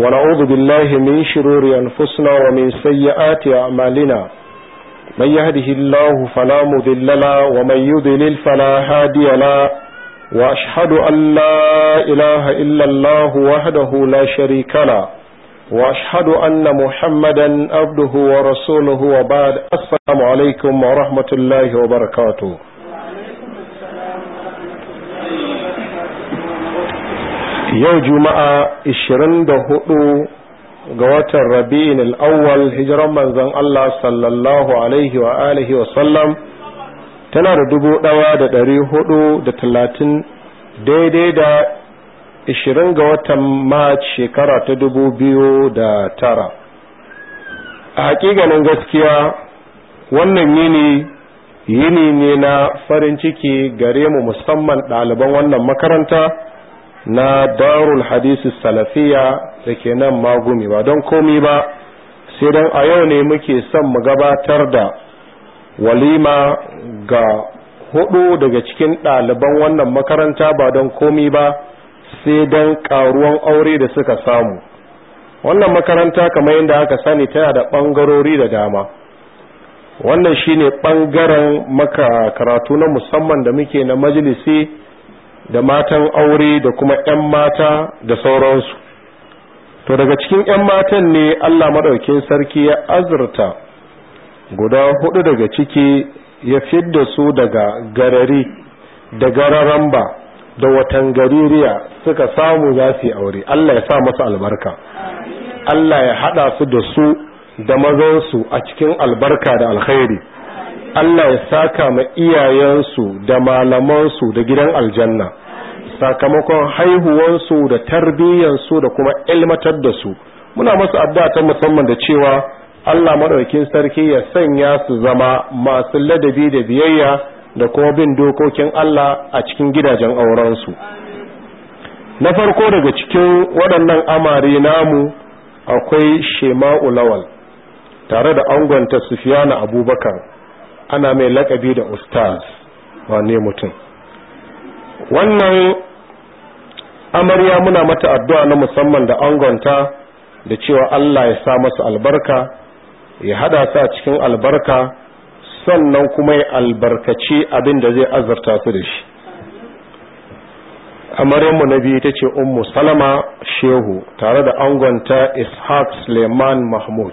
ونعوذ بالله من شرور أنفسنا ومن سيئات أعمالنا من يهده الله فلا مذل ومن يذلل فلا هادي وأشهد أن لا إله إلا الله وحده لا شريك له وأشهد أن محمدا عبده ورسوله وبعد السلام عليكم ورحمة الله وبركاته yau juma'a 24 ga watan rabi'in al'awwal hijiran manzon Allah sallallahu alaihi wa alihi wa sallam tana da dubu ɗawa da ɗari hudu da talatin daidai da 20 ga watan Mac shekara ta dubu biyu da tara a hakikanin gaskiya wannan yini yini ne na farin ciki gare mu musamman ɗaliban wannan makaranta na darul hadisi salafiya da ke nan magumi ba don komi ba sai don a yau ne muke son mu gabatar da walima ga hudu daga cikin ɗaliban wannan makaranta ba don komi ba sai don ƙaruwan aure da suka samu wannan makaranta kamar yadda aka sani tana da ɓangarori da dama wannan shine ɓangaren maka karatu na musamman da muke na majalisi da matan aure da kuma 'yan mata da sauransu to daga cikin 'yan matan ne allah maɗaukin sarki ya azurta guda hudu daga ciki ya fidda su daga garari da gararamba da watan gaririya suka samu za aure allah ya sa masu albarka allah ya haɗa su da su da mazansu a cikin albarka da alkhairi Allah ya saka ma iyayensu da malamansu da gidan aljanna sakamakon haihuwansu da tarbiyyansu da kuma ilmatar da su muna masu addu'a ta musamman da cewa Allah madaukakin sarki ya sanya su zama masu ladabi da biyayya da kuma bin dokokin Allah a cikin gidajen auren su na farko daga cikin waɗannan amari, namu akwai shema'u lawal tare da angonta sufiyana abubakar ana mai lakabi da ustaz wane mutum wannan amarya muna mata addu'a na musamman da angonta da cewa Allah ya sa masu albarka ya hada sa cikin albarka sannan kuma ya albarkaci abin da zai azurta su da shi amaryanmu na biyu ta ce ummu salama shehu tare da angonta ishaq suleiman mahmud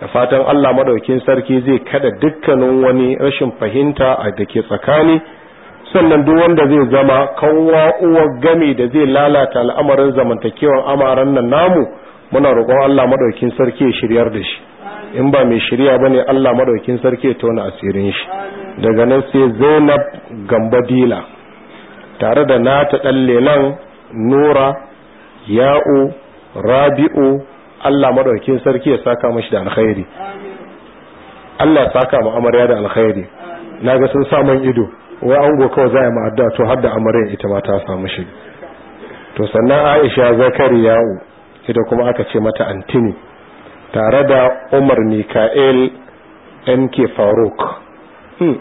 da fatan allah maɗaukin sarki zai kada dukkanin wani rashin fahimta a da ke tsakani sannan duk wanda zai zama kanwa uwar gami da zai lalata al'amarin zamantakewar amaran nan namu muna roƙon Allah madaukin sarki ya shiryar da shi in ba mai shirya bane Allah madaukin sarki ya tona asirin shi daga nan sai Zainab Gambadila tare da nata dan lelan Nura Ya'u Rabi'u Allah madaukin sarki ya saka mashi da alkhairi Allah saka mu amarya da alkhairi naga sun sa man ido wai ango kawai za a yi ma'adda to har da amaryar ita ma ta samu shi to sannan aisha zakariya ita kuma aka ce mata antini tare da umar mika'il mk faruk hmm.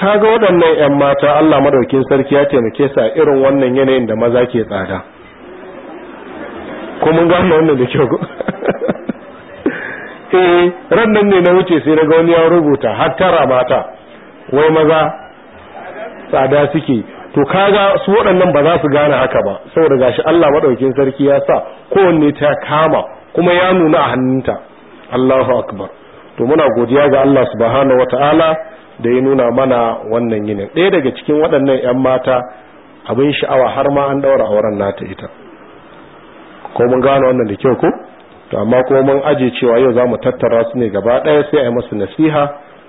kaga waɗannan 'yan mata allah madaukin sarki ya taimake sa irin wannan yanayin da maza ke tsada ko mun gano wannan da kyau eh ran nan ne na wuce sai daga wani ya rubuta har tara mata wai maza tsada suke to kaga su waɗannan ba za su gane haka ba saboda gashi Allah madaukin sarki ya sa kowanne ta kama kuma ya nuna a hannunta Allahu akbar to muna godiya ga Allah subhanahu wataala da ya nuna mana wannan yinin ɗaya daga cikin waɗannan ƴan mata abin sha'awa har ma an ɗaura auren nata ita ko mun gane wannan da kyau ko to amma kuma mun aje cewa yau za mu tattara su ne gaba ɗaya sai a yi masu nasiha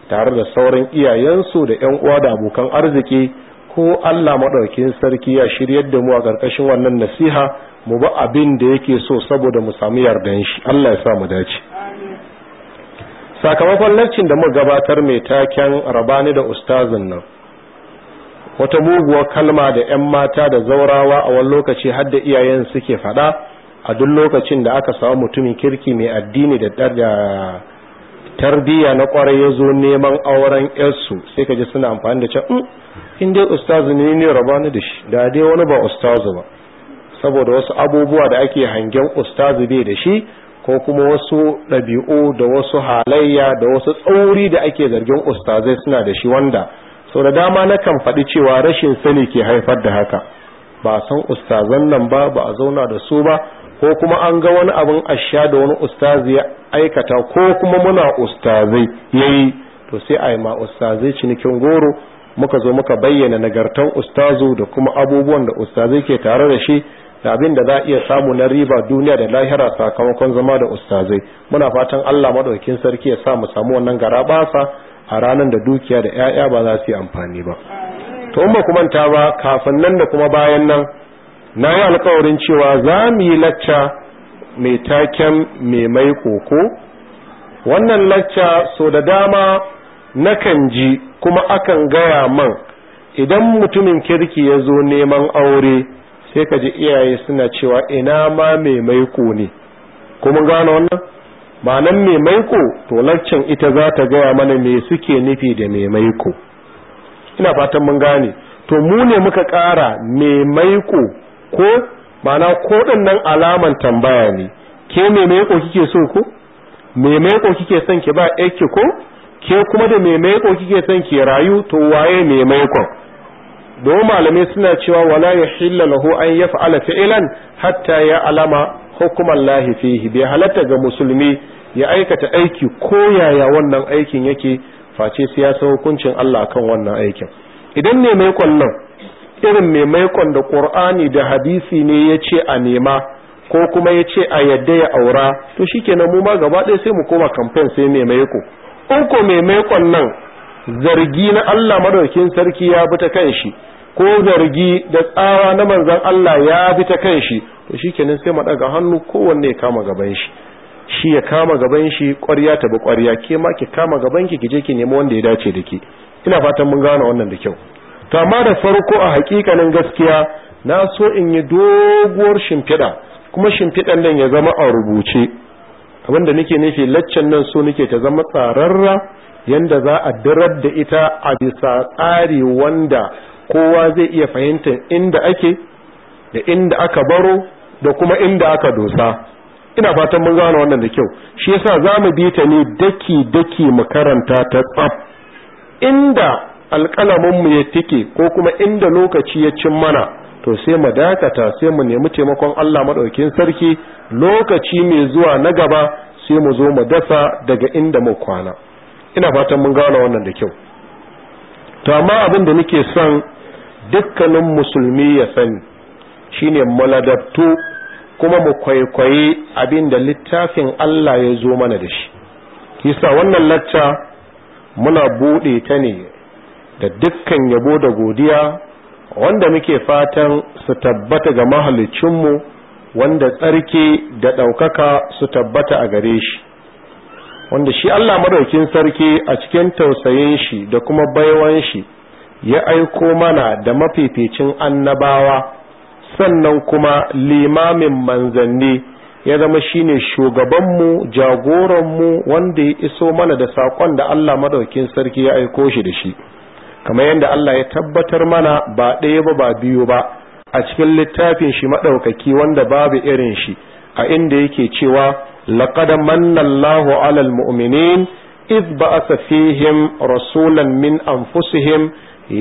tare da sauran iyayensu da yan uwa da abokan arziki ko Allah maɗaukin sarki ya shiryar da mu a karkashin wannan nasiha mu ba abin da yake so saboda mu samu yardan shi Allah ya sa mu dace sakamakon laccin da mu gabatar mai taken rabani da ustazin nan wata muguwar kalma da 'yan mata da zaurawa a wani lokaci har da iyayen suke fada a duk lokacin da aka samu mutumin kirki mai addini da Tarbiya na kwarai ya zo neman auren yarsu sai ka ji suna amfani da can mm, in dai ustazu ne ne rabani da shi da dai wani ba ustazu ba saboda wasu abubuwa da ake hangen ustazu bai da shi ko kuma wasu ɗabi'u da wasu halayya da wasu tsauri da ake zargin ustazai suna da shi wanda sau da dama na kan faɗi cewa rashin sani ke haifar da haka ba san ustazan nan ba ba a zauna da su ba ko kuma an ga wani abin asha da wani ustazi ya aikata ko kuma muna ustazai yayi to sai a yi ma ustazai cinikin goro muka zo muka bayyana nagartan ustazu da kuma abubuwan da ustazai ke tare da shi da abin da za a iya samu na riba duniya da lahira sakamakon zama da ustazai muna fatan Allah maɗaukin sarki ya sa mu samu wannan gara basa a ranar da dukiya da 'ya'ya ba za su yi amfani ba to ba kuma ta ba kafin nan da kuma bayan nan na yi alkawarin cewa za mu yi lacca mai taken mai mai koko wannan lacca so da dama nakan ji kuma akan gaya man idan mutumin kirki ya zo neman aure sai ka ji iyaye suna cewa ina ma mai maiko ne kuma gano wannan nan mai maiko to laccan ita za ta gaya mana me suke nufi da mai maiko ina fatan mun gane to mu ne muka ƙara mai maiko ko ma'ana ko nan alaman tambaya ne ke me kike so ko me maiko kike son ki ba aiki ko ke kuma da me maiko kike son ki rayu to waye me maikon don malamai suna cewa wala ya yahilla lahu an yaf'ala fi'lan hatta ya alama hukuman lahi fihi bai halatta ga musulmi ya aikata aiki ko yaya wannan aikin yake face sai ya san hukuncin Allah kan wannan aikin idan ne mai kwallon irin mai maikon da Kur'ani da hadisi ne ya ce a nema ko kuma ya ce a yadda ya aura to shikenan mu ma gaba ɗaya sai mu koma kamfen sai mai maiko in ko mai maikon nan zargi na Allah madaukin sarki ya bi ta kan shi ko zargi da tsawa na manzan Allah ya bi ta kan shi to shi sai mu ɗaga hannu kowanne ya kama gaban shi shi ya kama gaban shi ƙwarya ta bi ƙwarya ke ma ki kama gaban ki ki je ki nemi wanda ya dace da ke. ina fatan mun gane wannan da kyau to amma da farko a hakikanin gaskiya na so in yi doguwar shimfiɗa kuma shimfiɗan nan ya zama a rubuce abinda nake nufi laccan nan so nake ta zama tsararra yanda za a dirar da ita a bisa tsari wanda kowa zai iya fahimta inda ake da inda aka baro da kuma inda aka dosa ina fatan mun gane wannan da kyau shi yasa zamu bi ta ne daki daki mu karanta ta tsaf inda mu ya tike ko kuma inda lokaci ya cin mana to sai mu dakata sai mu nemi taimakon Allah maɗaukin sarki lokaci mai zuwa na gaba sai mu zo mu dasa daga inda mu kwana ina fatan mun gane wannan da kyau to amma abin da nake son dukkanin musulmi ya sani shine maladabtu kuma mu kwaikwaye abin da littafin Allah ya zo mana da shi kisa wannan lacca muna buɗe ta ne da dukkan yabo da godiya wanda muke fatan su tabbata ga mahalicinmu wanda tsarki da ɗaukaka su tabbata a gare shi wanda shi Allah madaukin sarki a cikin tausayin shi da kuma baiwan shi ya aiko mana da mafificin annabawa sannan kuma limamin manzanni ya zama shine shugabanmu jagoranmu wanda ya iso mana da saƙon da Allah madaukin sarki ya aiko shi da shi kamar yadda Allah ya tabbatar mana ba ɗaya ba ba biyu ba a cikin littafin shi maɗaukaki wanda babu irin shi a inda yake cewa laqad manna Allahu 'alal mu'minin idh ba'atha fihim rasulan min anfusihim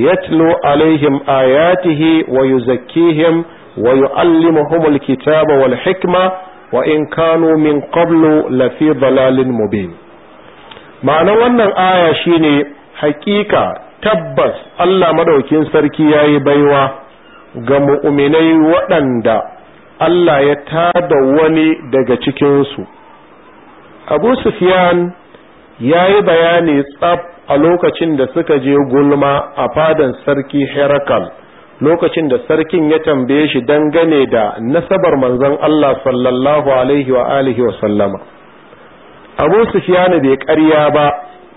yatlu 'alayhim ayatihi wa yuzakkihim wa yu'allimuhumul kitaba wal hikma wa in kanu min qablu lafi dalalin mubin ma'ana wannan aya shine hakika tabbas Allah madaukin sarki ya yi baiwa ga mu'uminai waɗanda Allah ya tada wani daga cikinsu abu sufyan ya yi bayani tsab a lokacin da suka je gulma a fadan sarki herakal lokacin da sarkin ya tambaye shi dangane da nasabar manzon Allah sallallahu alaihi wa alihi wa sallama abu sufyan bai ƙarya ba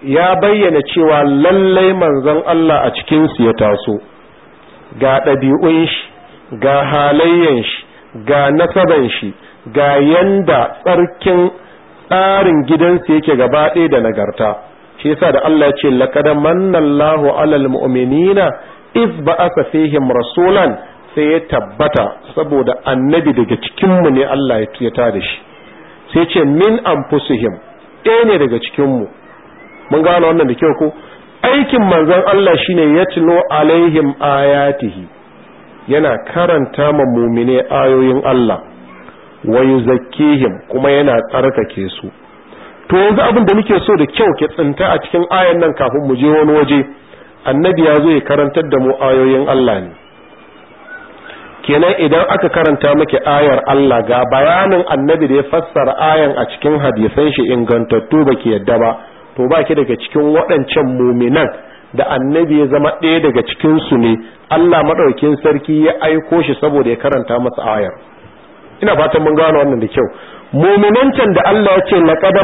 ya bayyana cewa lallai manzon Allah a cikinsu ya taso ga ɗabi'un shi ga halayen shi ga nasaban shi ga yanda tsarkin tsarin gidansu yake gaba ɗaya da nagarta shi yasa da Allah ya ce laqad mannallahu alal mu'minina iz ba'atha fihim rasulan sai ya tabbata saboda annabi daga cikinmu ne Allah ya tada shi sai ce min anfusihim ɗaya ne daga cikin mu mun gano wannan da kyau ko aikin manzon Allah shine yatlu alaihim ayatihi yana karanta ma mumine ayoyin Allah wa yuzakkihim kuma yana tsarkake su to yanzu abin da muke so da kyau ke tsinta a cikin ayan nan kafin mu je wani waje annabi ya zo ya karantar da mu ayoyin Allah ne kenan idan aka karanta maki ayar Allah ga bayanin annabi da ya fassara ayan a cikin hadisan shi ingantattu ba ke yadda ba to ba ki daga cikin waɗancan muminan da annabi ya zama ɗaya daga cikinsu ne Allah maɗaukin sarki ya aiko shi saboda ya karanta masa ayar ina fatan mun gano wannan da kyau muminancan da Allah ya ce laqad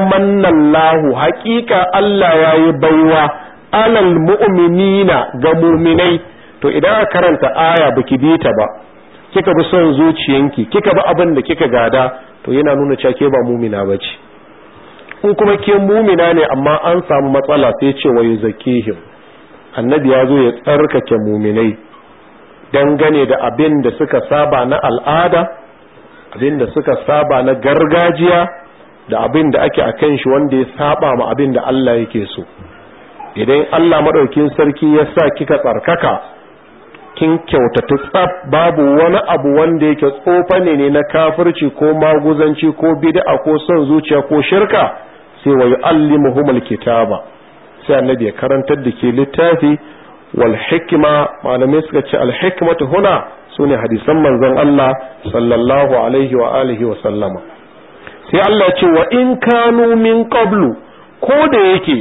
lahu haqiqa Allah ya yi baiwa alal mu'minina ga muminai to idan aka karanta aya baki bi ta ba kika bi son zuciyanki kika bi abin da kika gada to yana nuna cewa ke ba mumina bace in kuma ke mumina ne amma an samu matsala sai ce wa yuzakihim annabi ya zo ya tsarkake muminai dangane da abin da suka saba na al'ada abin da suka saba na gargajiya da abin da ake a kan shi wanda ya saba ma abin da Allah yake so idan Allah maɗaukin sarki ya sa kika tsarkaka kin kyautata tsaf babu wani abu wanda yake tsofane ne na kafirci ko maguzanci ko bid'a ko son zuciya ko shirka sai wa yu'allimuhum alkitaba sai annabi ya karantar da ke littafi wal hikma malamai suka ce al hikmatu huna sune hadisan manzon Allah sallallahu alaihi wa alihi wa sallama sai Allah ce wa in kanu min qablu ko da yake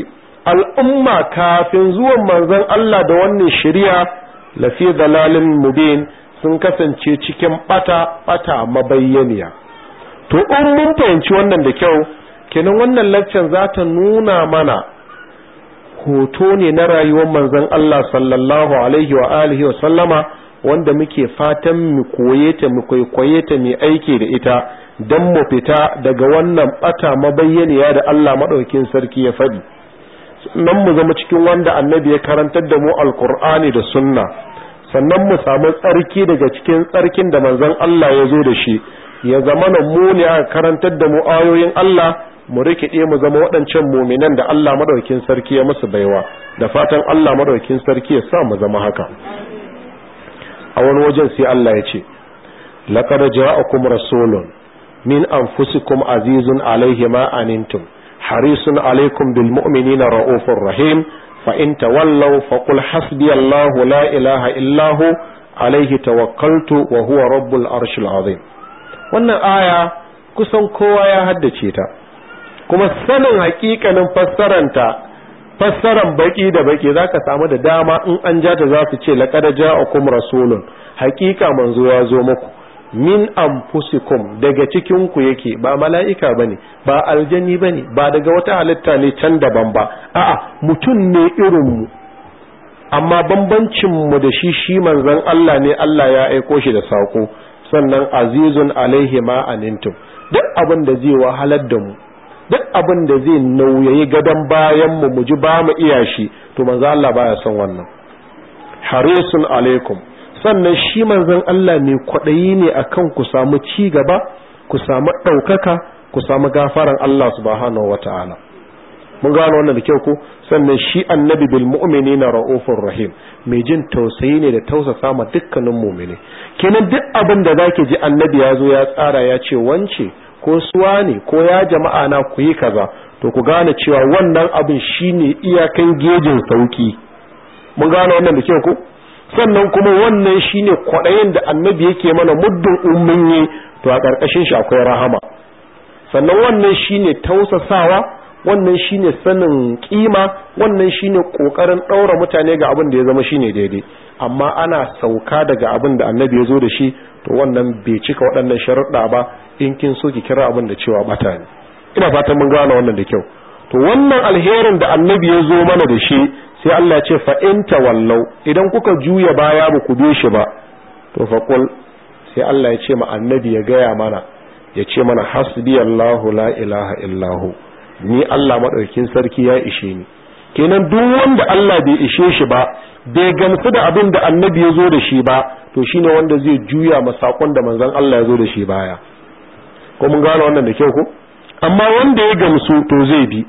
al'umma kafin zuwan manzon Allah da wannan shari'a lafi dalalin mubin sun kasance cikin bata bata mabayyaniya to in mun fahimci wannan da kyau kenan wannan laccan za ta nuna mana hoto ne na rayuwar manzon Allah sallallahu alaihi wa alihi wa sallama wanda muke fatan mu koye ta mu kwaikwaye ta mu aiki da ita don mu fita daga wannan bata mabayyaniya da Allah maɗaukin sarki ya faɗi Sannan mu zama cikin wanda annabi ya karantar da mu alkur'ani da sunna sannan mu samu tsarki daga cikin tsarkin da manzon Allah ya zo da shi ya zama na mu ne a karantar da mu ayoyin Allah mu rikide mu zama waɗancan muminan da Allah madaukakin sarki ya musu baiwa da fatan Allah madaukakin sarki ya sa mu zama haka a wani wajen sai Allah ya ce laqad ja'akum rasulun min anfusikum azizun alayhi ma anantum harisun alaykum bil mu'minina raufur rahim fa in tawallaw faqul hasbiyallahu la ilaha illa hu alayhi tawakkaltu wa huwa rabbul arshil azim wannan aya kusan kowa ya haddace ta kuma sanin hakikanin fassaranta fassaran baki da baki zaka samu da dama in an ja ta za su ce laqad ja'akum rasulun hakika manzo ya zo muku min anfusikum daga cikin ku yake ba mala'ika bane ba aljani bane ba daga wata halitta ne can daban ba a'a mutum ne irin mu amma bambancin mu da shi shi manzon Allah ne Allah ya aiko shi da sako sannan azizun alaihi ma anintum duk abin da zai wahalar da mu duk abin da zai nauyayi gadon bayan mu muji ji ba mu iya shi to manzo Allah baya son wannan harisun alaikum sannan shi manzon Allah mai kwaɗayi ne akan ku samu ci gaba ku samu ɗaukaka ku samu gafaran Allah subhanahu wataala mun gano wannan da kyau ko sannan shi annabi bil mu'minina ra'ufur rahim mai jin tausayi ne da tausasa ma dukkanin mu'mini kenan duk abin da zaki ji annabi ya zo ya tsara ya ce wance ko suwa ne ko ya jama'a na ku yi kaza to ku gane cewa wannan abin shine iyakan gejin sauki mun gane wannan da kyau ku. sannan kuma wannan shine kwaɗayin da annabi yake mana muddin umminye to a ƙarƙashin shi akwai rahama sannan wannan shine tausasawa wannan shine sanin kima wannan shine kokarin ɗaura mutane ga abin da ya zama shine daidai amma ana sauka daga abin da annabi ya zo da shi to wannan bai cika waɗannan sharuɗa ba in kin so ki kira abin da cewa bata ne ina fatan mun gane wannan da kyau to wannan alherin da annabi ya zo mana da shi sai Allah ya ce fa in tawallau idan kuka juya baya ba ku bi shi ba to fa qul sai Allah ya ce ma annabi ya gaya mana ya ce mana hasbiyallahu la ilaha illahu ni Allah madaukin sarki ya ishe ni kenan duk wanda Allah bai ishe shi ba bai gamsu da abin da annabi ya zo da shi ba to shine wanda zai juya ma saƙon da manzon Allah ya zo da shi baya ko mun gano wannan da kyau ko amma wanda ya gamsu to zai bi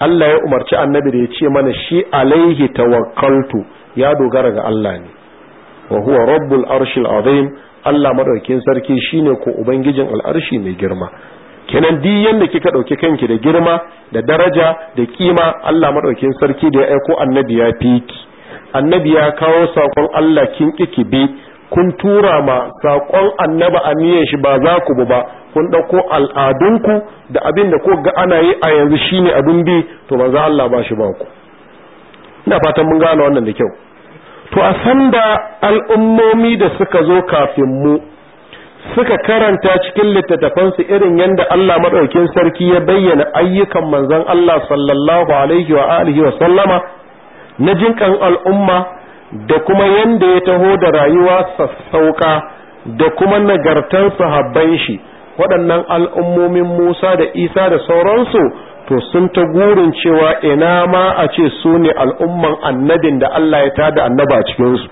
Allah ya umarci annabi da ya ce mana shi alaihi tawakkaltu ya dogara ga Allah ne wa huwa rabbul arshil azim Allah madaukakin sarki shine ko ubangijin al'arshi mai girma kenan duk yanda kika dauki kanki da girma da daraja da kima Allah madaukakin sarki da ya aiko annabi ya fiki annabi ya kawo sakon Allah kin kiki bi kun tura ma saƙon annaba a niyan shi ba za ku ba kun ɗauko al'adunku da abin da ko ga ana yi a yanzu shine abin bi to ba za Allah ba shi ba ku ina fatan mun gane wannan da kyau to a san da al'ummomi da suka zo kafin mu suka karanta cikin littattafansu irin yadda Allah maɗaukin sarki ya bayyana ayyukan manzon Allah sallallahu alaihi wa alihi wa sallama na jinkan al'umma da kuma yanda ya taho da rayuwa sassauka da kuma nagartar sahabban shi waɗannan al'ummomin Musa da Isa da sauransu to sun ta gurin cewa ina ma a ce su ne al'umman annabin da Allah ya tada annaba a cikinsu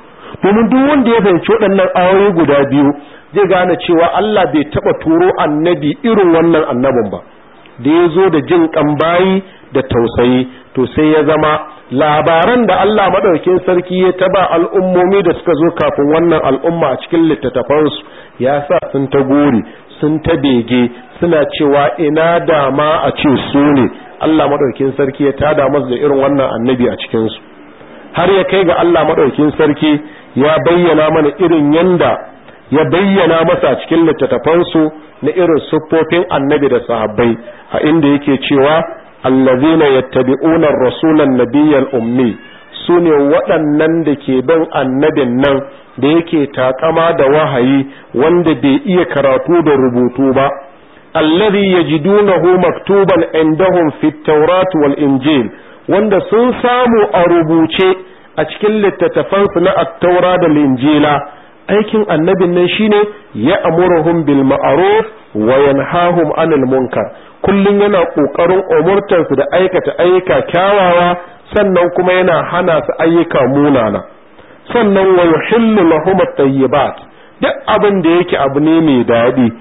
domin duk wanda ya fahimci waɗannan aure guda biyu zai gane cewa Allah bai taɓa turo annabi irin wannan annabin ba da ya zo da jin ƙambayi da tausayi to sai ya zama labaran da Allah madaukin sarki ya taba al'ummomi da suka zo kafin wannan al'umma a cikin littattafansu ya sa sun ta gori sun ta bege suna cewa ina dama a ce su ne Allah madaukin sarki ya tada masu da irin wannan annabi a cikinsu har ya kai ga Allah madaukin sarki ya bayyana mana irin yanda ya bayyana masa a cikin littattafansu na irin siffofin annabi da sahabbai a inda yake cewa allazina yattabi'una rasulan nabiyyal ummi su ne waɗannan da ke bin annabin nan da yake takama da wahayi wanda bai iya karatu da rubutu ba allazi yajidunahu maktuban indahum fit tawrat wal injil wanda sun samu a rubuce a cikin littattafansu na at-taura da linjila aikin annabin nan shine ya amuruhum bil ma'ruf wa yanhahum anil munkar kullum yana ƙoƙarin umurtansu da aikata ayyuka kyawawa sannan kuma yana hana su ayyuka munana sannan wa yuhillu lahum at-tayyibat duk abin da yake abu ne mai daɗi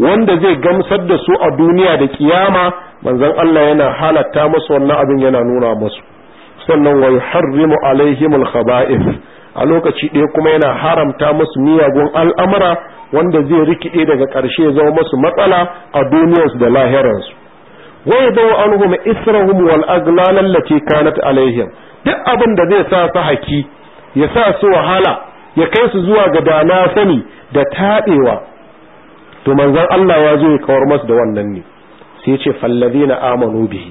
wanda zai gamsar da su a duniya da kiyama manzon Allah yana halatta musu wannan abin yana nuna musu sannan wa yuharrimu alaihim al-khaba'ith a lokaci ɗaya kuma yana haramta musu miyagun al'amura wanda zai rikide daga ƙarshe ya zama musu matsala a duniyarsu da lahirarsu wai dawo an huma isra'um wal aglalan lati kanat alaihim duk abin da zai sa su haki ya sa su wahala ya kai su zuwa ga dana sani da taɗewa to manzon Allah ya zo ya kawar masu da wannan ne sai ce fallazina amanu bihi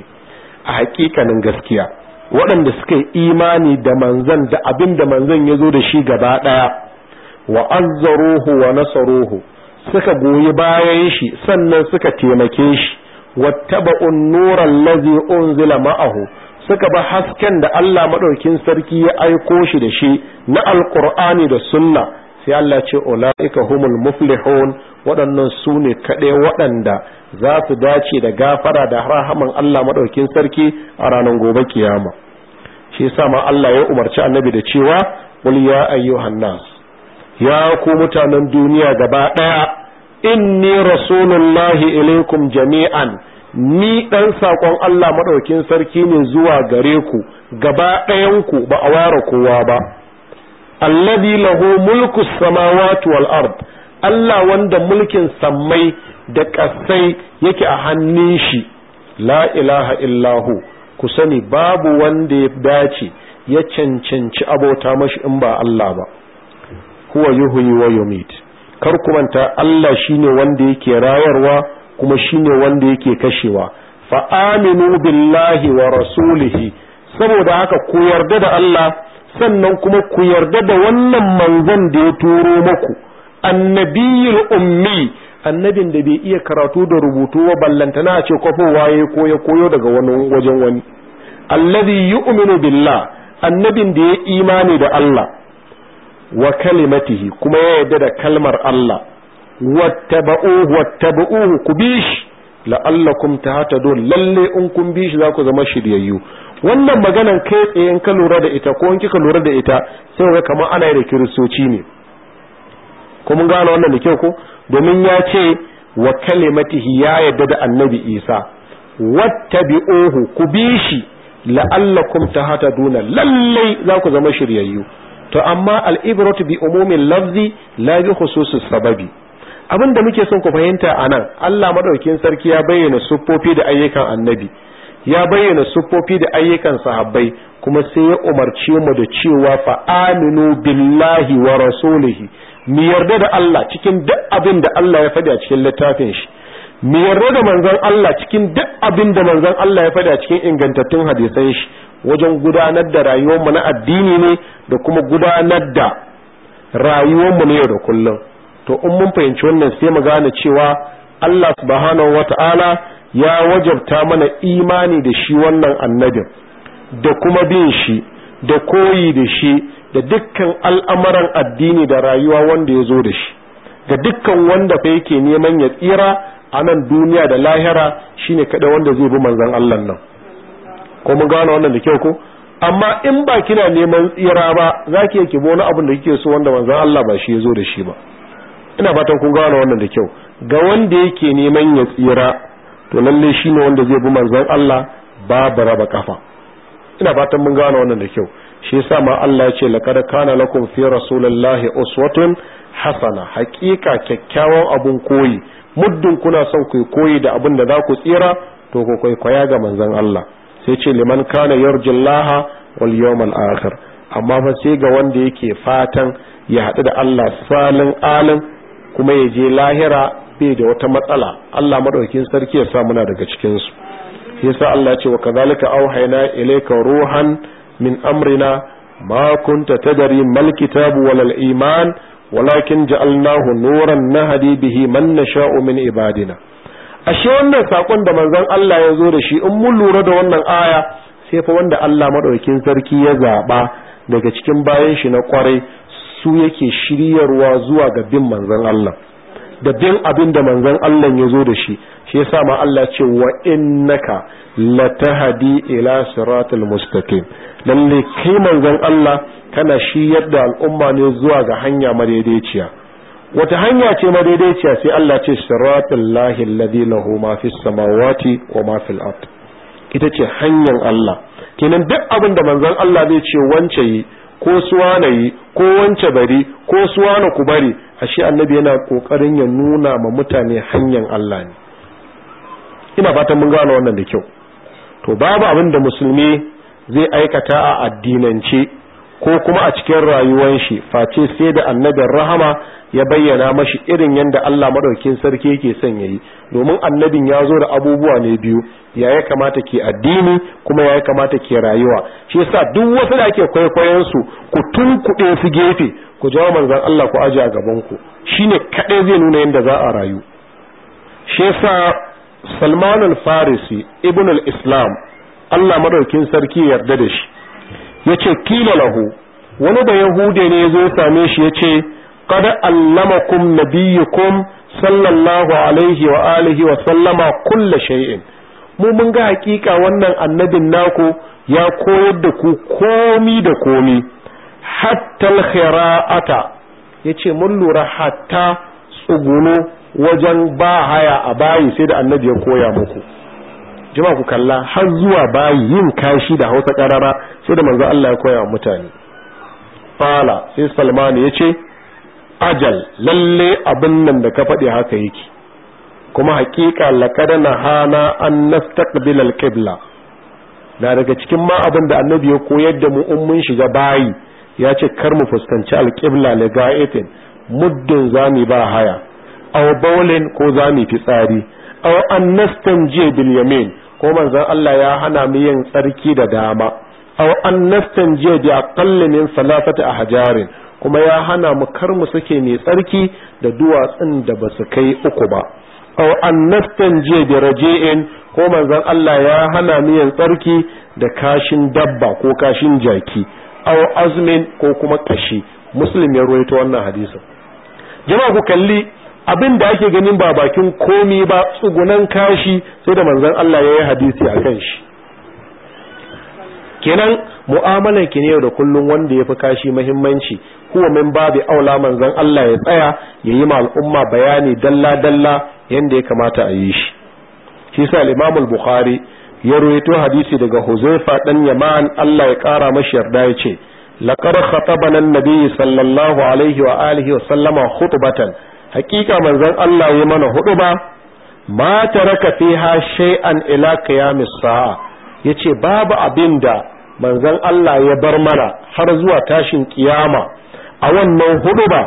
a hakikanin gaskiya waɗanda suka yi imani da manzan da abin da manzan ya zo da shi gaba ɗaya wa azzaruhu wa nasaruhu suka goyi bayan shi sannan suka taimake shi wattaba'un nuran lazi unzila ma'ahu suka ba hasken da Allah maɗaukin sarki ya aiko shi da shi na alƙur'ani da sunna sai Allah ce ula'ika humul muflihun waɗannan su ne kaɗai waɗanda za su dace da gafara da rahaman Allah maɗaukin sarki a ranar gobe kiyama shi yasa ma Allah ya umarci annabi da cewa qul ya ayyuhan nas ya ku mutanen duniya gaba ɗaya inni rasulullahi ilaikum jami'an ni ɗan saƙon Allah maɗaukin sarki ne zuwa gare ku gaba ɗayanku ba a ware kowa ba alladhi lahu mulku samawati wal ard Allah wanda mulkin sammai da ƙasai yake a hannun shi la ilaha illahu ku sani babu wanda ya dace ya cancanci abota mashi in ba Allah ba huwa yuhyi wa yumit kar ku manta Allah shine wanda yake rayarwa kuma shine wanda yake kashewa Fa'aminu aminu billahi wa rasulihi saboda haka ku yarda da Allah sannan kuma ku yarda da wannan manzon da ya turo muku annabiyul ummi annabin da bai iya karatu da rubutu ba ballantana a ce kwafowa ya ko ya koyo daga wani wajen wani alladhi yu'minu billah annabin da ya imani da Allah wa kalimatihi kuma ya yarda da kalmar Allah wattaba'uhu wattaba'uhu ku bi shi la'allakum tahtadun lalle in kun bi shi za ku zama shiryayyu wannan maganan kai tsaye in ka lura da ita ko in kika lura da ita sai ga kamar ana da kiristoci ne ko mun gane wannan da kyau ko domin ya ce wa kalimatihi ya yadda da annabi isa wata ohu ku bi shi la'allakum duna lallai za ku zama shiryayyu to amma al'ibratu bi umumin lafzi la bi sababi abin da muke son ku fahimta a nan Allah madaukin sarki ya bayyana siffofi da ayyukan annabi ya bayyana siffofi da ayyukan sahabbai kuma sai ya umarci mu da cewa fa'aminu aminu billahi wa rasulihi mu yarda da Allah cikin duk abin da Allah ya faɗi a cikin littafin shi mu yarda da manzon Allah cikin duk abin da manzon Allah ya faɗi a cikin ingantattun hadisan shi wajen gudanar da rayuwar mu na addini ne da kuma gudanar da rayuwar mu ne yau da kullum to in mun fahimci wannan sai mu gane cewa Allah subhanahu wata'ala ya wajabta mana imani da shi wannan annabin da kuma bin shi da koyi da shi da dukkan al'amuran addini da rayuwa wanda ya zo da shi ga dukkan wanda fa yake neman ya tsira a nan duniya da lahira shine kada wanda zai bi manzon Allah nan ko mun gano wannan da kyau ko amma in ba kina neman tsira ba zaki yake bo wani abin da kike so wanda manzon Allah ba shi ya zo da shi ba ina fatan kun gano wannan da kyau ga wanda yake neman ya tsira to lalle shine wanda zai bi manzon Allah babu raba kafa ina fatan mun gane wannan da kyau shi yasa ma Allah ya ce laqad kana lakum fi rasulillahi uswatun hasana hakika kyakkyawan abun koyi muddin kuna son ku koyi da abin da za ku tsira to ku kwaikwaya ga manzon Allah sai ce liman kana yarjillaha wal yawmal akhir amma fa sai ga wanda yake fatan ya haɗu da Allah salin alin kuma ya je lahira bai da wata matsala Allah madaukakin sarki ya sa muna daga cikin su shi yasa Allah ya ce wa kazalika auhayna ilayka ruhan min amrina ma kunta tadri mal kitabu wal iman walakin ja'alnahu nuran nahdi bihi man nasha'u min ibadina ashe wannan sakon da manzon Allah ya zo da shi in mun lura da wannan aya sai fa wanda Allah madaukin sarki ya zaba daga cikin bayan shi na kwarai su yake shiryarwa zuwa ga bin manzon Allah da bin abin da manzon Allah ya zo da shi shi yasa ma Allah ce wa innaka latahdi ila siratal mustaqim lalle kai manzon Allah kana shi yadda al'umma ne zuwa ga hanya madaidaiciya wata hanya ce madaidaiciya sai Allah ce siratal lahi alladhi lahu ma fis samawati wa ma fil ard ita ce hanyar Allah kenan duk abin da manzon Allah zai ce wance yi ko na yi ko wance bari ko suwana ku bari ashe annabi yana kokarin ya nuna ma mutane hanyar Allah ne ina fatan mun gano wannan da kyau to babu abin da musulmi zai aikata a addinance ko kuma a cikin rayuwar shi face sai da annabin rahama ya bayyana mashi irin yadda Allah madaukin sarki yake son ya yi domin annabin ya zo da abubuwa ne biyu ya ya kamata ke addini kuma ya ya kamata ke rayuwa shi yasa duk wasu da ake kwaikwayon su ku tunkuɗe su gefe ku jawo manzon Allah ku aje a gaban ku shine kadai zai nuna yadda za a rayu shi yasa Salman al-Farisi ibn al-Islam Allah madaukin sarki yarda da shi yace kila lahu wani da yahude ne ya zo same shi ya ce. قد allamakum نبيكم sallallahu alaihi wa alihi wa sallama kulla shay'in mu mun ga hakika wannan annabin naku ya koyar da ku komi da komi hatta al-khira'ata yace mun lura hatta tsuguno wajen ba haya a bayi sai da annabi ya koya muku jima ku kalla har zuwa bayi yin kashi da hausa karara sai da manzo Allah ya koya wa mutane fala sai salman yace ajal lalle abin nan da ka faɗi haka yake kuma haƙiƙa laƙada na hana an nastaqbil al-qibla na daga cikin ma abin da annabi ya koyar da mu in mun shiga bayi ya ce kar mu fuskanci al-qibla la ga'itin muddin zami ba haya aw bawlin ko zami fitsari aw an nastanji bil yamin ko manzon Allah ya hana mu yin tsarki da dama aw an nastanji bi aqall min salatati ahjarin kuma ya hana mu kar mu suke mai tsarki da duwatsun da ba su kai uku ba aw an je da raje'in ko manzon Allah ya hana mu yin tsarki da kashin dabba ko kashin jaki aw azmin ko kuma kashi muslim ya ruwaito wannan hadisin jama'a ku kalli abin da ake ganin ba bakin komi ba tsugunan kashi sai da manzon Allah ya yi hadisi akan shi kenan mu'amalar ki ne yau da kullum wanda ya fi kashi muhimmanci huwa min babi aula manzon Allah ya tsaya ya yi ma al'umma bayani dalla dalla yanda ya kamata a yi shi shi sa al-Imam al-Bukhari ya rawaito hadisi daga Huzaifa dan Yaman Allah ya kara mashi yarda ya ce laqad khatabana an-nabiy sallallahu alaihi wa alihi wa sallama khutbatan haqiqa manzon Allah ya mana huduba ma taraka fiha shay'an ila qiyamis sa'a yace babu abinda manzon Allah ya bar mana har zuwa tashin kiyama a wannan hudu ba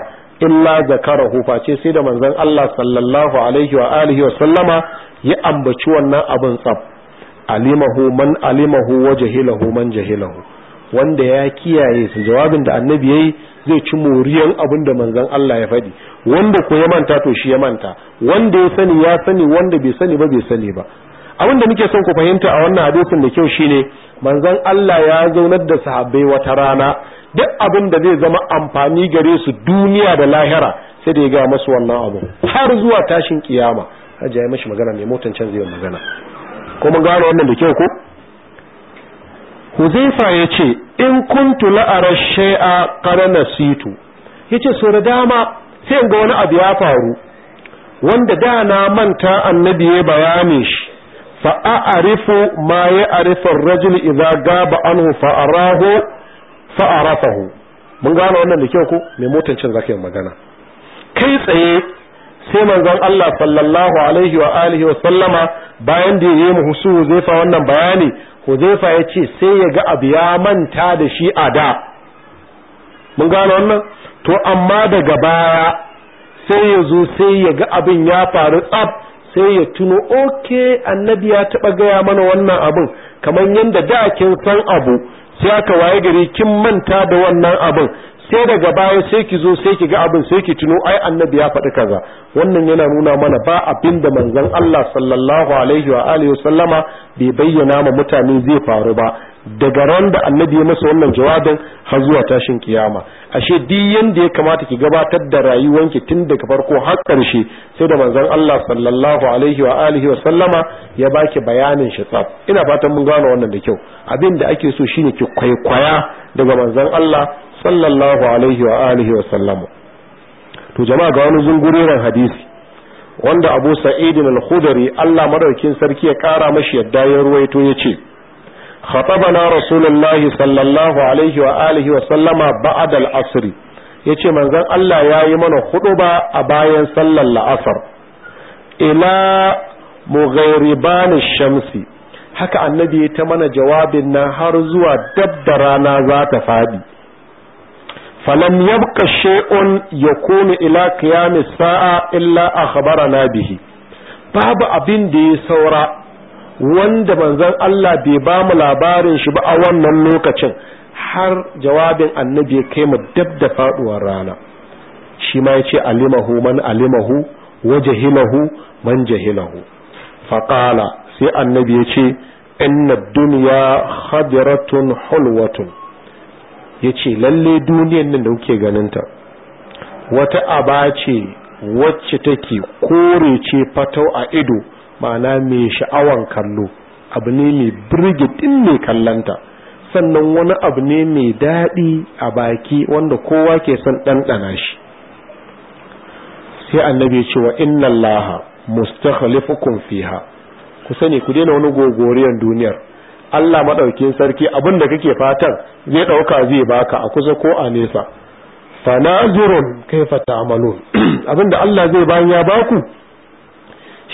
illa zakara face sai da manzon Allah sallallahu alaihi wa alihi wa sallama ya ambaci wannan abin tsaf alimahu man alimahu wa jahilahu man jahilahu wanda ya kiyaye su jawabin da annabi yayi zai ci moriyan abin da manzon Allah ya faɗi wanda ko ya manta to shi ya manta wanda ya sani ya sani wanda bai sani ba bai sani ba abin da muke son ku fahimta a wannan hadisin da kyau shine manzon Allah ya zaunar da sahabbai wata rana duk abin da zai zama amfani gare su duniya da lahira sai da ya ga masu wannan abu har zuwa tashin kiyama hajji ya mashi magana mai motan can zai magana ko gano wannan da kyau ko huzaifa ya ce in kuntu la'arar shai'a na situ ya ce so da dama sai ga wani abu ya faru wanda da na manta annabi ya bayani shi fa a'rifu ma ya arifar rajul idza gaba anhu fa arahu fa'arafahu mun gane wannan da kyau ko mai motan cin zaka yi magana kai tsaye sai manzon Allah sallallahu alaihi wa alihi wa sallama bayan da yayi mu husu Huzaifa wannan bayani Huzaifa ya ce sai ya ga abu ya manta da shi a da mun gane wannan to amma daga baya sai ya zo sai ya ga abin ya faru tsab sai ya tuno oke annabi ya taɓa gaya mana wannan abin kamar yadda da kin san abu sai aka waye gari kin manta da wannan abin sai daga baya sai ki zo sai ki ga abin sai ki tuno ai annabi ya faɗi kaza wannan yana nuna mana ba abin da manzon Allah sallallahu alaihi wa alihi sallama bai bayyana ma mutane zai faru ba daga ran da annabi ya masa wannan jawabin har zuwa tashin kiyama ashe duk yanda ya kamata ki gabatar da rayuwanki tun daga farko har ƙarshe sai da manzon Allah sallallahu alaihi wa alihi wa ya baki bayanin shi tsaf ina fatan mun gano wannan da kyau abin da ake so shine ki kwaikwaya daga manzon Allah sallallahu alaihi wa alihi wa sallama to jama'a ga wani zungureran hadisi wanda Abu Sa'id al-Khudri Allah madaukin sarki ya kara mashi yadda ya ruwaito yace khatabana rasulullahi sallallahu alaihi wa alihi wa sallama ba'da al-asr yace manzon Allah yayi mana huduba a bayan sallar la'asar ila bani shamsi haka annabi ya ta mana jawabin nan har zuwa dab da rana za ta fadi falam yabqa shay'un yakunu ila qiyamis sa'a illa na bihi babu abin da ya saura wanda manzon Allah bai ba mu labarin shi ba a wannan lokacin har jawabin annabi ya kai mu dab da faduwar rana shi ma yace alimahu man alimahu wa jahilahu man jahilahu faqala sai annabi yace inna dunya khadiratun hulwatun ya ce lalle duniyan nan da kuke ganinta wata aba ce wacce take kore ce fatau a ido ma'ana mai sha'awan kallo abu ne mai birgitin mai kallanta sannan wani abu ne mai daɗi a baki wanda kowa ke son ɗanɗana shi sai annabi ya ce wa inna laha mustakhlifukum fiha ku sani ku daina wani gogoriyar duniyar Allah maɗaukin sarki abin da kake fatan zai ɗauka zai baka a kusa ko a nesa fanazirun kaifa ta'malun abin da Allah zai bayan ya baku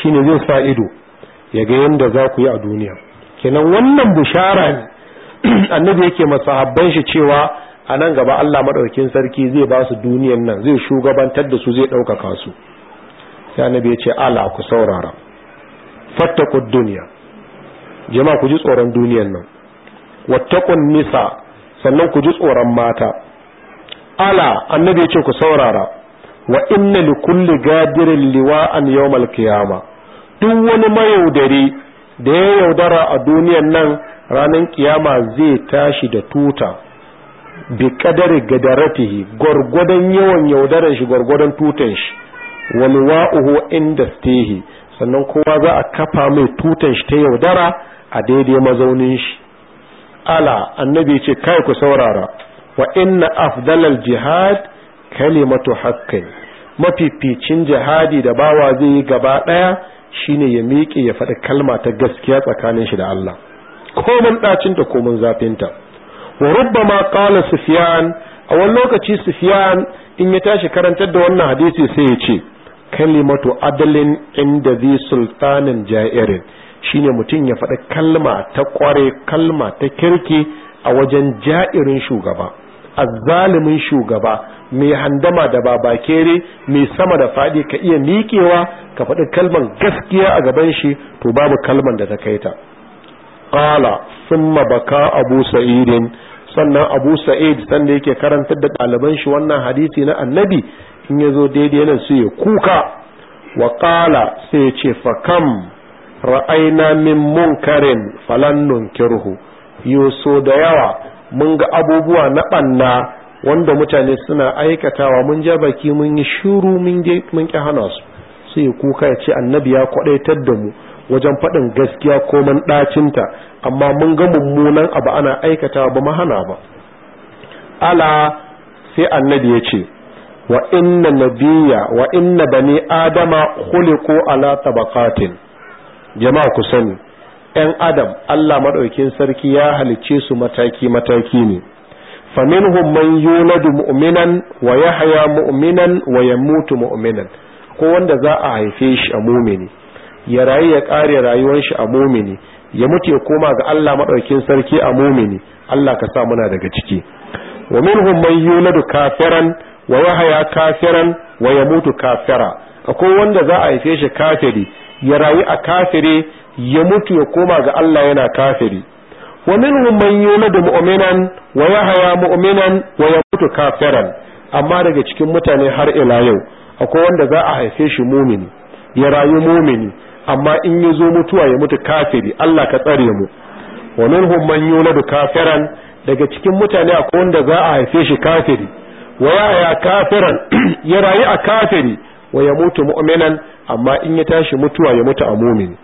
shine zai sa ido ya ga yanda za ku yi a duniya kenan wannan bushara ne annabi yake masahabban shi cewa a nan gaba Allah maɗaukin sarki zai ba su duniyan nan zai shugabantar da su zai ɗaukaka su sai annabi ya ce ala ku saurara fattaku duniya jama'a ku ji tsoron duniyan nan wattaqun nisa sannan ku ji tsoron mata ala annabi ya ce ku saurara wa inna li kulli gadirin an yawmal qiyama duk wani mayaudari da ya yaudara a duniyan nan ranar kiyama zai tashi da tuta bi kadari gadaratihi gwargwadon yawan yaudaran shi gwargwadon tutan shi walwa'uhu inda stehi sannan kowa za a kafa mai tutan shi ta yaudara a daidai mazaunin shi ala annabi ce kai ku saurara wa inna afdalal jihad kalimatu haqqin mafificin jihadi da bawa zai yi gaba daya shine ya miƙe ya faɗi kalma ta gaskiya tsakanin shi da Allah komin ɗacinta komin zafinta wa rubbama qala sufyan a wani lokaci sufyan in ya tashi karantar da wannan hadisi sai ya ce kalimatu adalin inda zai sultanin ja'irin shine mutum ya faɗi kalma ta ƙware kalma ta kirki a wajen ja'irin shugaba a zalimin shugaba mai handama da babakere mai sama da faɗi ka iya miƙewa ka faɗi kalman gaskiya a gaban shi to babu kalman da ta kai ta qala sun baka abu sa'idin sannan abu sa'id sanda yake karantar da ɗaliban shi wannan hadisi na annabi in ya zo daidai yana su ya kuka wa qala sai ya ce fa kam ra'aina min munkarin falan nunkirhu yoso da yawa mun ga abubuwa na banna wanda mutane suna aikatawa mun ja baki mun yi shiru mun ƙi hana su sai kuka ya ce annabi ya kwadaitar da mu wajen faɗin gaskiya ko man ɗacinta amma mun ga mummunan abu ana aikatawa ba mahana ba ala sai annabi ya ce wa inna nabiyya wa inna bani adama khuliqu ala tabaqatin jama'a ku sani ‘yan adam Allah maɗaukin sarki ya halicce su mataki-mataki ne faminhum man yuladu mu'minan wa yahya mu'minan wa yamutu mu'minan ko wanda za a haife shi a mumini ya rayu ya kare rayuwar shi a mumini ya mutu ya koma ga Allah maɗaukin sarki a mumini Allah ka sa muna daga ciki wa minhum man yuladu kafiran wa yahya kafiran wa yamutu kafira akwai wanda za a haife shi kafiri ya rayu a kafire ya mutu ya koma ga Allah yana kafiri wa minhum man yuladu mu'minan wa yahya mu'minan wa yamutu kafiran amma daga cikin mutane har ila yau akwai wanda za a haife shi mumini ya rayu mumini amma in ya zo mutuwa ya mutu kafiri Allah ka tsare mu wa minhum man yuladu kafiran daga cikin mutane akwai wanda za a haife shi kafiri wa yahya kafiran ya rayu a kafiri wa yamutu mu'minan amma in ya tashi mutuwa ya mutu a mumin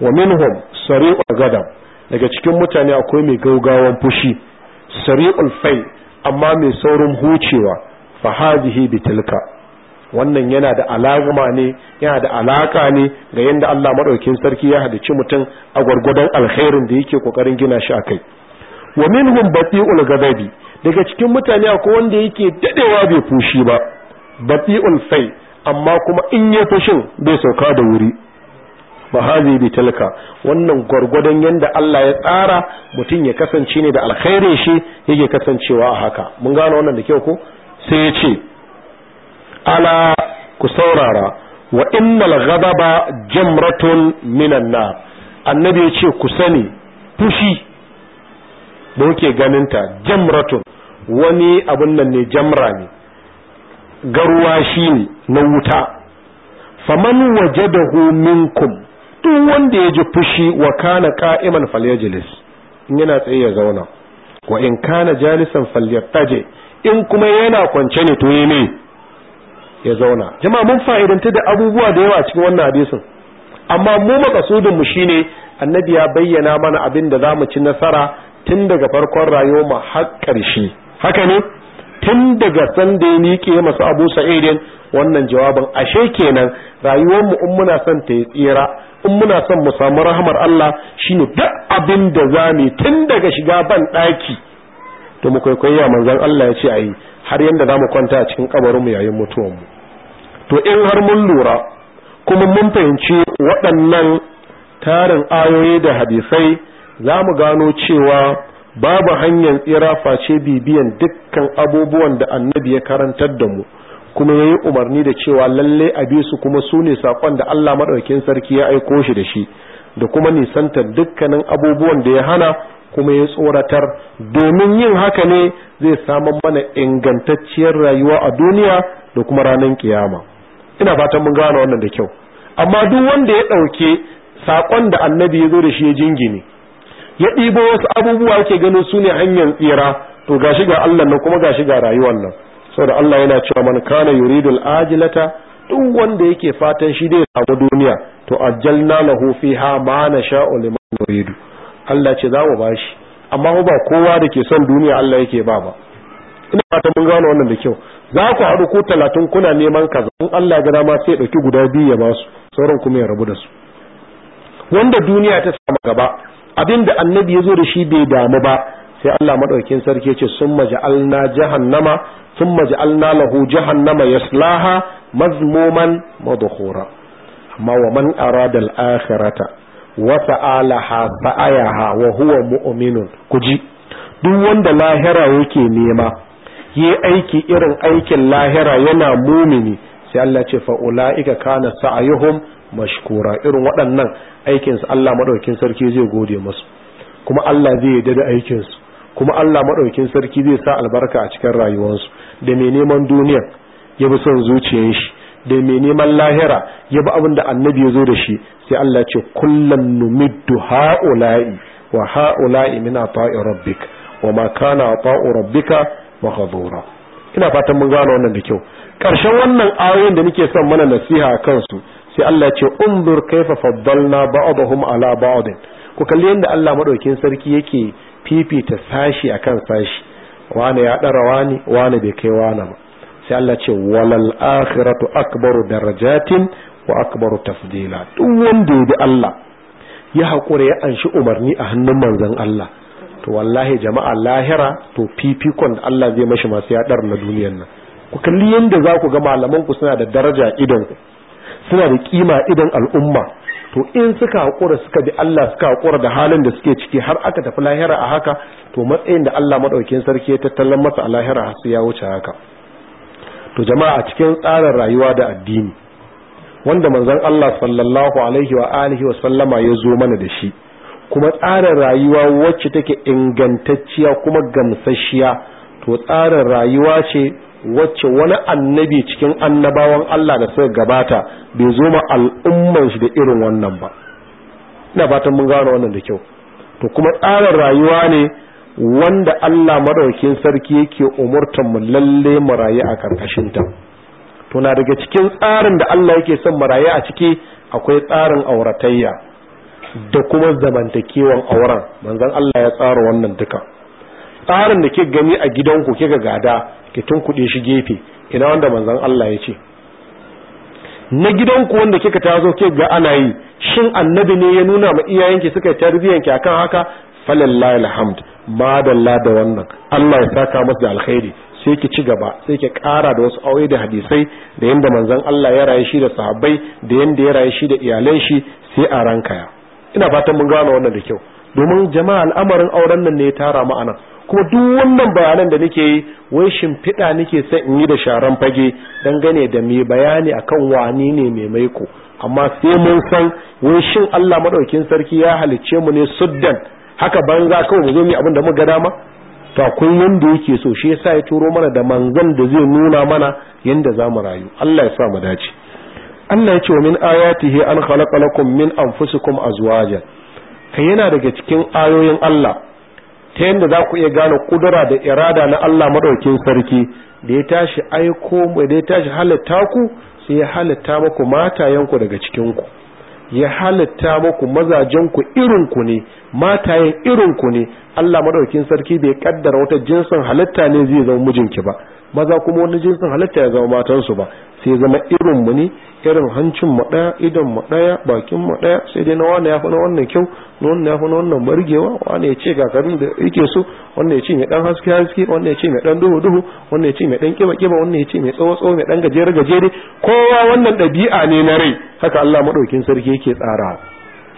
wa minhum sari'ul gadab daga cikin mutane akwai mai gaugawan fushi sari'ul fai amma mai saurin hucewa fa hadhihi bitilka wannan yana da alaguma ne yana da alaka ne ga yadda Allah madaukakin sarki ya hadici mutum a gwargwadon alkhairin da yake kokarin gina shi akai wa minhum bati'ul gadabi daga cikin mutane akwai wanda yake dadewa bai fushi ba bati'ul fai amma kuma in ya fushin bai sauka da wuri ba hazi bi talka wannan gwargwadon yanda Allah ya tsara mutum ya kasance ne da alkhairin shi yake kasancewa a haka mun gano wannan da kyau ko sai ya ce ala ku saurara wa innal ghadaba jamratun minan nar annabi ya ce ku sani fushi da ganin ta jamratun wani abun nan ne jamra ne garuwa ne na wuta faman wajadahu minkum duk wanda ya ji fushi wa kana qa'iman falyajlis in yana tsaye ya zauna wa in kana jalisan falyattaje in kuma yana kwance ne to ne. ya zauna jama'a mun fa'idanta da abubuwa da yawa cikin wannan hadisin amma mu makasudin mu shine annabi ya bayyana mana abin da za mu ci nasara tun daga farkon rayuwar mu har ƙarshe haka ne tun daga sanda ya miƙe masu abu sa'idin wannan jawabin ashe kenan rayuwar mu in muna son ta yi tsira in muna son mu samu rahmar Allah shine duk abin da za mu tun daga shiga ban daki to mu kwaikwaya manzon Allah ya ce a yi har yadda za mu kwanta a cikin kabarin mu yayin mutuwar mu to in har mun lura kuma mun fahimci waɗannan tarin ayoyi da hadisai zamu gano cewa babu hanyar tsira face bibiyan dukkan abubuwan da annabi ya karantar da mu kuma ya yi umarni da cewa lalle a bi su kuma su ne saƙon da Allah maɗaukin sarki ya aiko shi da shi da kuma nisantar dukkanin abubuwan da ya hana kuma ya tsoratar domin yin haka ne zai samar mana ingantacciyar rayuwa a duniya da kuma ranar kiyama ina fatan mun gane wannan da kyau amma duk wanda ya ɗauke saƙon da annabi ya zo da shi ya jingine ya ɗibo wasu abubuwa ke ganin su ne hanyar tsira to gashi ga Allah nan kuma ga shi ga rayuwar nan saboda Allah yana cewa man kana yuridul ajilata duk wanda yake fatan shi dai samu duniya to ajjalna lahu fiha ma sha liman yuridu Allah ce za mu bashi amma ba kowa da ke son duniya Allah yake ba ba ina fata mun gano wannan da kyau za ku haɗu ko talatin kuna neman kaza in Allah ga dama sai ɗauki guda biyu ya ba su sauran kuma ya rabu da su wanda duniya ta samu gaba abinda annabi ya zo da shi bai damu ba sai Allah maɗaukin sarki ce summa ja'alna jahannama summa ja'alna lahu jahannama yaslaha mazmuman madhura amma wa man arada al-akhirata wa sa'alaha sa'ayaha wa huwa mu'minun kuji duk wanda lahira yake nema yi aiki irin aikin lahira yana mumini sai Allah ce fa kana sa'ayuhum mashkura irin waɗannan aikinsu Allah maɗaukin sarki zai gode masu kuma Allah zai yarda da aikinsu kuma Allah maɗaukin sarki zai sa albarka a cikin rayuwarsu da mai neman duniya ya bi son zuciyar shi da mai neman lahira ya bi abin da annabi ya zo da shi sai Allah ce kullum numiddu ha'ula'i wa ha'ula'i min ata'i rabbik wa ma kana ata'u rabbika mahdura ina fatan mun gano wannan da kyau karshen wannan ayoyin da nake son mana nasiha a su. sai Allah ce umdur kaifa faddalna ba'dahum ala ba'd ku kalli yanda Allah madaukin sarki yake fifita sashi akan sashi wani ya dara wani wani bai kai wani ba sai Allah ce walal akhiratu akbaru darajatin wa akbaru tafdila duk wanda ya Allah ya hakura ya anshi umarni a hannun manzon Allah to wallahi jama'a lahira to fifikon da Allah zai mashi masu yadar na duniyar nan ku kalli yanda za ku ga malaman ku suna da daraja idan ku suna da kima idan al'umma to in suka haƙura suka bi Allah suka haƙura da halin da suke ciki har aka tafi lahira a haka to matsayin da Allah maɗaukin sarki ya tattalin masa a lahira su ya wuce haka to jama'a a cikin tsarin rayuwa da addini wanda manzon Allah sallallahu alaihi wa alihi wa sallama ya zo mana da shi kuma tsarin rayuwa wacce take ingantacciya kuma gamsasshiya to tsarin rayuwa ce wacce wani annabi cikin annabawan Allah da suka gabata bai zo ma al'umman shi da irin wannan ba ina fatan mun gano wannan da kyau to kuma tsarin rayuwa ne wanda Allah madaukakin sarki yake umurtan mu lalle mu rayu a karkashin ta to na daga cikin tsarin da Allah yake son mu rayu a ciki akwai tsarin auratayya da kuma zamantakewan auren manzon Allah ya tsara wannan duka tsarin da ke gani a gidanku kika gada ki kuɗe shi gefe ina wanda manzan Allah ya ce na gidanku wanda kika tazo ke ga ana yi shin annabi ne ya nuna ma iyayenki suka yi tarbiyyanki akan haka falallahi alhamd madalla da wannan Allah ya saka masu da alkhairi sai ki ci gaba sai ki ƙara da wasu aure da hadisai da yanda manzon Allah ya rayu shi da sahabbai da yanda ya rayu shi da iyalai shi sai a kaya. ina fatan mun gano wannan da kyau domin jama'a al'amarin auren nan ne ya tara mu anan kuma duk wannan bayanan da nake yi wai shimfiɗa nake son in yi da sharan fage gane da mai bayani akan wani ne mai maiko amma sai mun san wai shin Allah madaukin sarki ya halicce mu ne suddan haka banza kawai mu zo mu abin da muka dama to akwai wanda yake so shi yasa ya turo mana da manzon da zai nuna mana yanda za mu rayu Allah ya sa mu dace Allah ya ce wa min ayatihi an khalaqa lakum min anfusikum azwaja kai yana daga cikin ayoyin Allah ta yadda za ku iya gane kudura da irada na Allah maɗaukin sarki da ya tashi aiko da ya tashi halitta ku sai ya halitta muku matayenku daga cikin ku ya halitta muku mazajenku irin ku ne matayen irin ku ne Allah maɗaukin sarki bai kaddara wata jinsin halitta ne zai zama mijinki ba maza kuma wani jinsin halitta ya zama matansu ba sai zama irin mu ne irin hancin mu daya idan mu daya bakin mu daya sai dai na wani ya fi na wannan kyau na wannan ya fi na wannan margewa wani ya ce gagarin da yake so wannan ya ce mai dan haske haske wannan ya ce mai dan duhu duhu wannan ya ce mai dan kiba kiba wannan ya ce mai tsawo tsawo mai dan gajere gajere kowa wannan dabi'a ne na rai haka Allah madaukin sarki yake tsara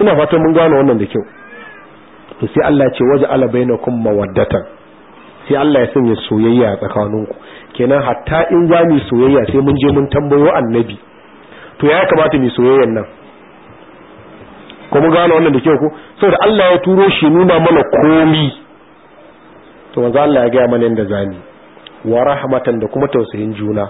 ina fatan mun gane wannan da kyau to sai Allah ya ce waje ala bainakum mawaddatan sai Allah ya sanya soyayya a tsakaninku kenan hatta in za mu soyayya sai mun je mun tambayo annabi to ya kamata mu soyayyan nan ko mun gano wannan da kyau ko saboda Allah ya turo shi nuna mana komi to manzo Allah ya ga mana inda zani wa rahmatan da kuma tausayin juna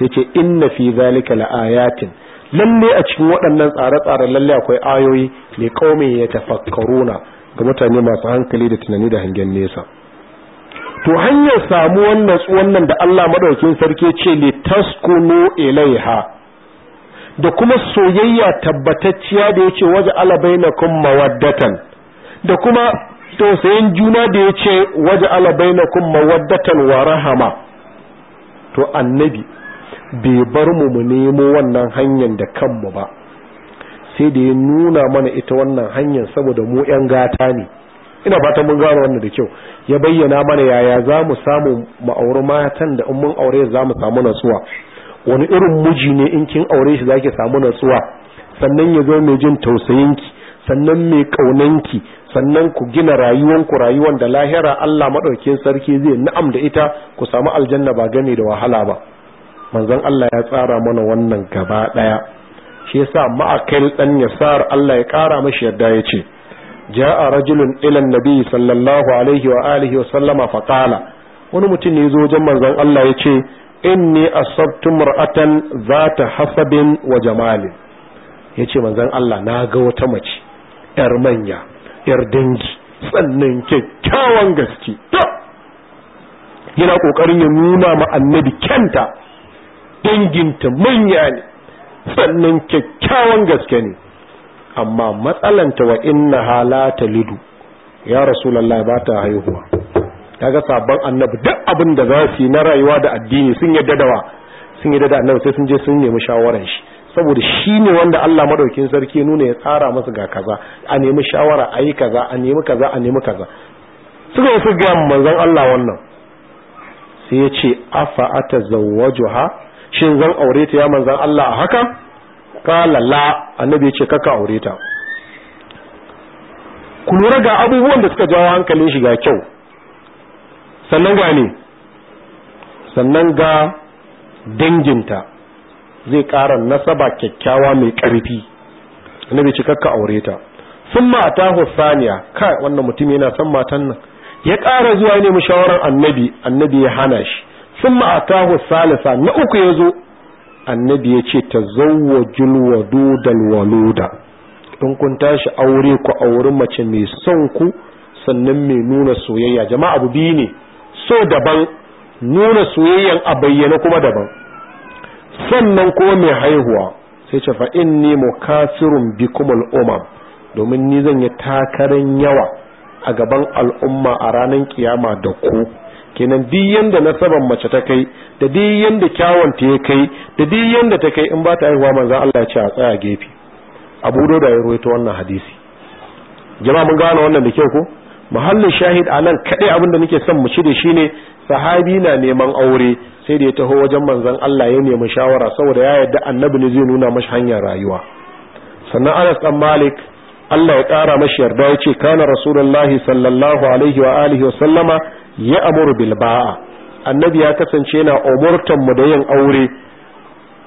sai ce inna fi zalika laayatin lalle a cikin waɗannan tsare-tsare lalle akwai ayoyi ne kaumin ya tafakkaruna ga mutane masu hankali da tunani da hangen nesa to hanyar samu wannan tsuwan da Allah madaukin sarki ce li taskunu ilaiha da kuma soyayya tabbatacciya da yace waje ala bainakum mawaddatan da kuma tausayin juna da yace waje ala bainakum mawaddatan wa rahama to annabi bai bar mu mu nemo wannan hanyar da kanmu ba sai da ya nuna mana ita wannan hanyar saboda mu 'yan gata ne ina fatan mun gano wannan da kyau ya bayyana mana yaya za mu samu ma'auri matan da in mun aure za mu samu natsuwa wani irin muji ne in kin aure shi zaki samu natsuwa sannan ya zo mai jin tausayinki sannan mai kaunanki sannan ku gina rayuwanku rayuwan da lahira Allah madaukakin sarki zai na'am da ita ku samu aljanna ba gane da wahala ba manzon Allah ya tsara mana wannan gaba daya shi yasa ma'akai dan yasar Allah ya kara mashi yadda yace ja'a rajulun ila annabi sallallahu alaihi wa alihi wa sallama fa wani mutum ne zo wajen manzon Allah yace inni asabtu mar'atan zata hasabin wa jamalin yace manzon Allah na ga wata mace yar manya yar dangi sannan kyakkyawan gaske yana kokarin ya nuna ma annabi kyanta danginta manya ne sannan kyakkyawan gaske ne amma matsalanta wa inna halata lidu ya rasulallah ba ta haihuwa kaga sabon annabi duk abin da za su yi na rayuwa da addini sun yadda dawa sun yadda da annabi sai sun je sun nemi shawaran shi saboda shi ne wanda Allah madaukin sarki nuna ya tsara masa ga kaza a nemi shawara a yi kaza a nemi kaza a nemi kaza suka su ga manzon Allah wannan sai ya ce afa atazawwajuha shin zan aure ta ya manzon Allah a haka kala la annabi ya ce kaka aure ta ku lura ga abubuwan da suka jawo hankalin shi ga kyau sannan ga ne sannan ga danginta zai ƙara nasaba kyakkyawa mai ƙarfi annabi ce ka aure ta sun mata hussaniya kai wannan mutum yana san matan nan ya ƙara zuwa ne shawarar annabi annabi ya hana shi sun mata hussalisa na uku ya zo annabi ya ce ta zawwajul wadudal waluda in kun tashi aure ku auri mace mai son ku sannan mai nuna soyayya jama'a abu biyu ne so daban nuna soyayyan a bayyana kuma daban sannan kuma mai haihuwa sai ce fa inni mukasirun bikum umam domin ni zan yi takarar yawa a gaban al'umma a ranar kiyama da ku kenan duk yanda nasaban mace ta kai da duk yanda kyawun ta kai da duk yanda ta kai in ba ta haihuwa manzo Allah ya ce a tsaya gefe Abu Dawud ya rawaito wannan hadisi jama'a mun gane wannan da kyau ko muhallin shahid a nan kaɗai abinda nake son mu ci da shi ne sahabi na neman aure sai da ya taho wajen manzon Allah ya nemi shawara saboda ya yarda annabi ne zai nuna mashi hanyar rayuwa sannan Anas dan Malik Allah ya kara mashi yarda ya ce kana rasulullahi sallallahu alaihi wa alihi wa sallama ya amuru bil ba'a annabi ya kasance yana umurtan mu da yin aure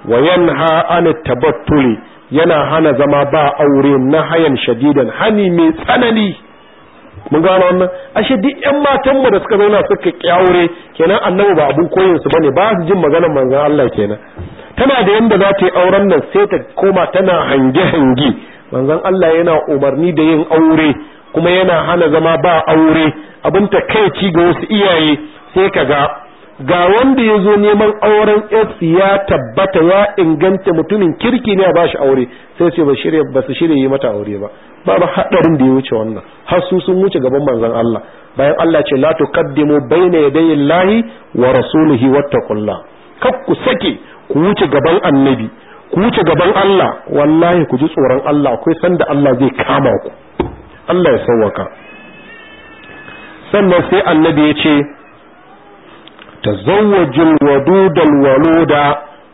wa yanha an tabattuli yana hana zama ba aure na hayan shadidan hani mai tsanani mun gano wannan ashe duk ƴan matan mu da suka zauna suka aure kenan annabi ba abun koyin su bane ba su jin maganar manzon Allah kenan tana da yanda za ta yi auren nan sai ta koma tana hange hange manzon Allah yana umarni da yin aure kuma yana hana zama ba aure abin ta takaici ga wasu iyaye sai ka ga wanda ya zo neman auren s ya tabbata ya inganta mutumin kirki ne a ba shi aure sai ce ba shirya su shirya yi mata aure ba Ba ba haɗarin da ya wuce wannan har su sun wuce gaban manzon Allah bayan Allah ce la tuqaddimu bayna yadayi llahi wa rasulihi wattaqullah kar ku sake ku wuce gaban annabi ku wuce gaban Allah wallahi ku ji tsoron Allah akwai sanda Allah zai kama ku Allah ya sauwaka sannan sai annabi ya ce tazawwajul wadudal waluda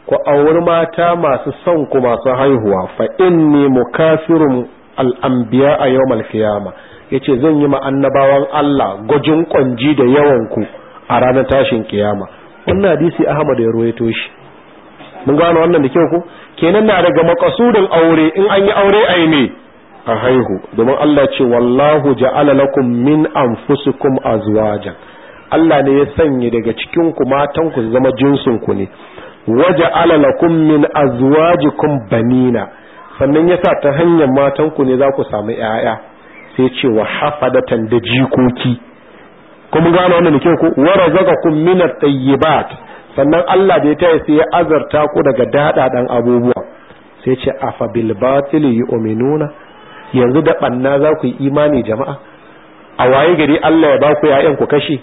ku auri mata masu son ku masu haihuwa fa inni mukafirun al'ambiya a yawmal qiyama yace zan yi ma annabawan Allah gwajin kwanji da yawan ku a ranar tashin kiyama wannan hadisi Ahmad ya ruwaito shi mun gano wannan da kyau ku. kenan na daga makasudin aure in an yi aure ai me a haihu domin Allah ce wallahu ja'ala lakum min anfusikum azwajan Allah ne ya sanya daga cikin ku matan ku zama jinsin ku ne waja'ala lakum min azwajikum banina sannan yasa ta hanyar matan ku ne za ku samu 'ya'ya. sai ce wa hafadatan da jikoki kuma gano wannan da kyau ku wa razaqakum min at-tayyibat sannan Allah da ya taya sai ya azarta ku daga dadadan abubuwa sai ce afa bil batili yu'minuna yanzu da banna za ku yi imani jama'a a waye gari Allah ya ba ku ya'yan ku kashe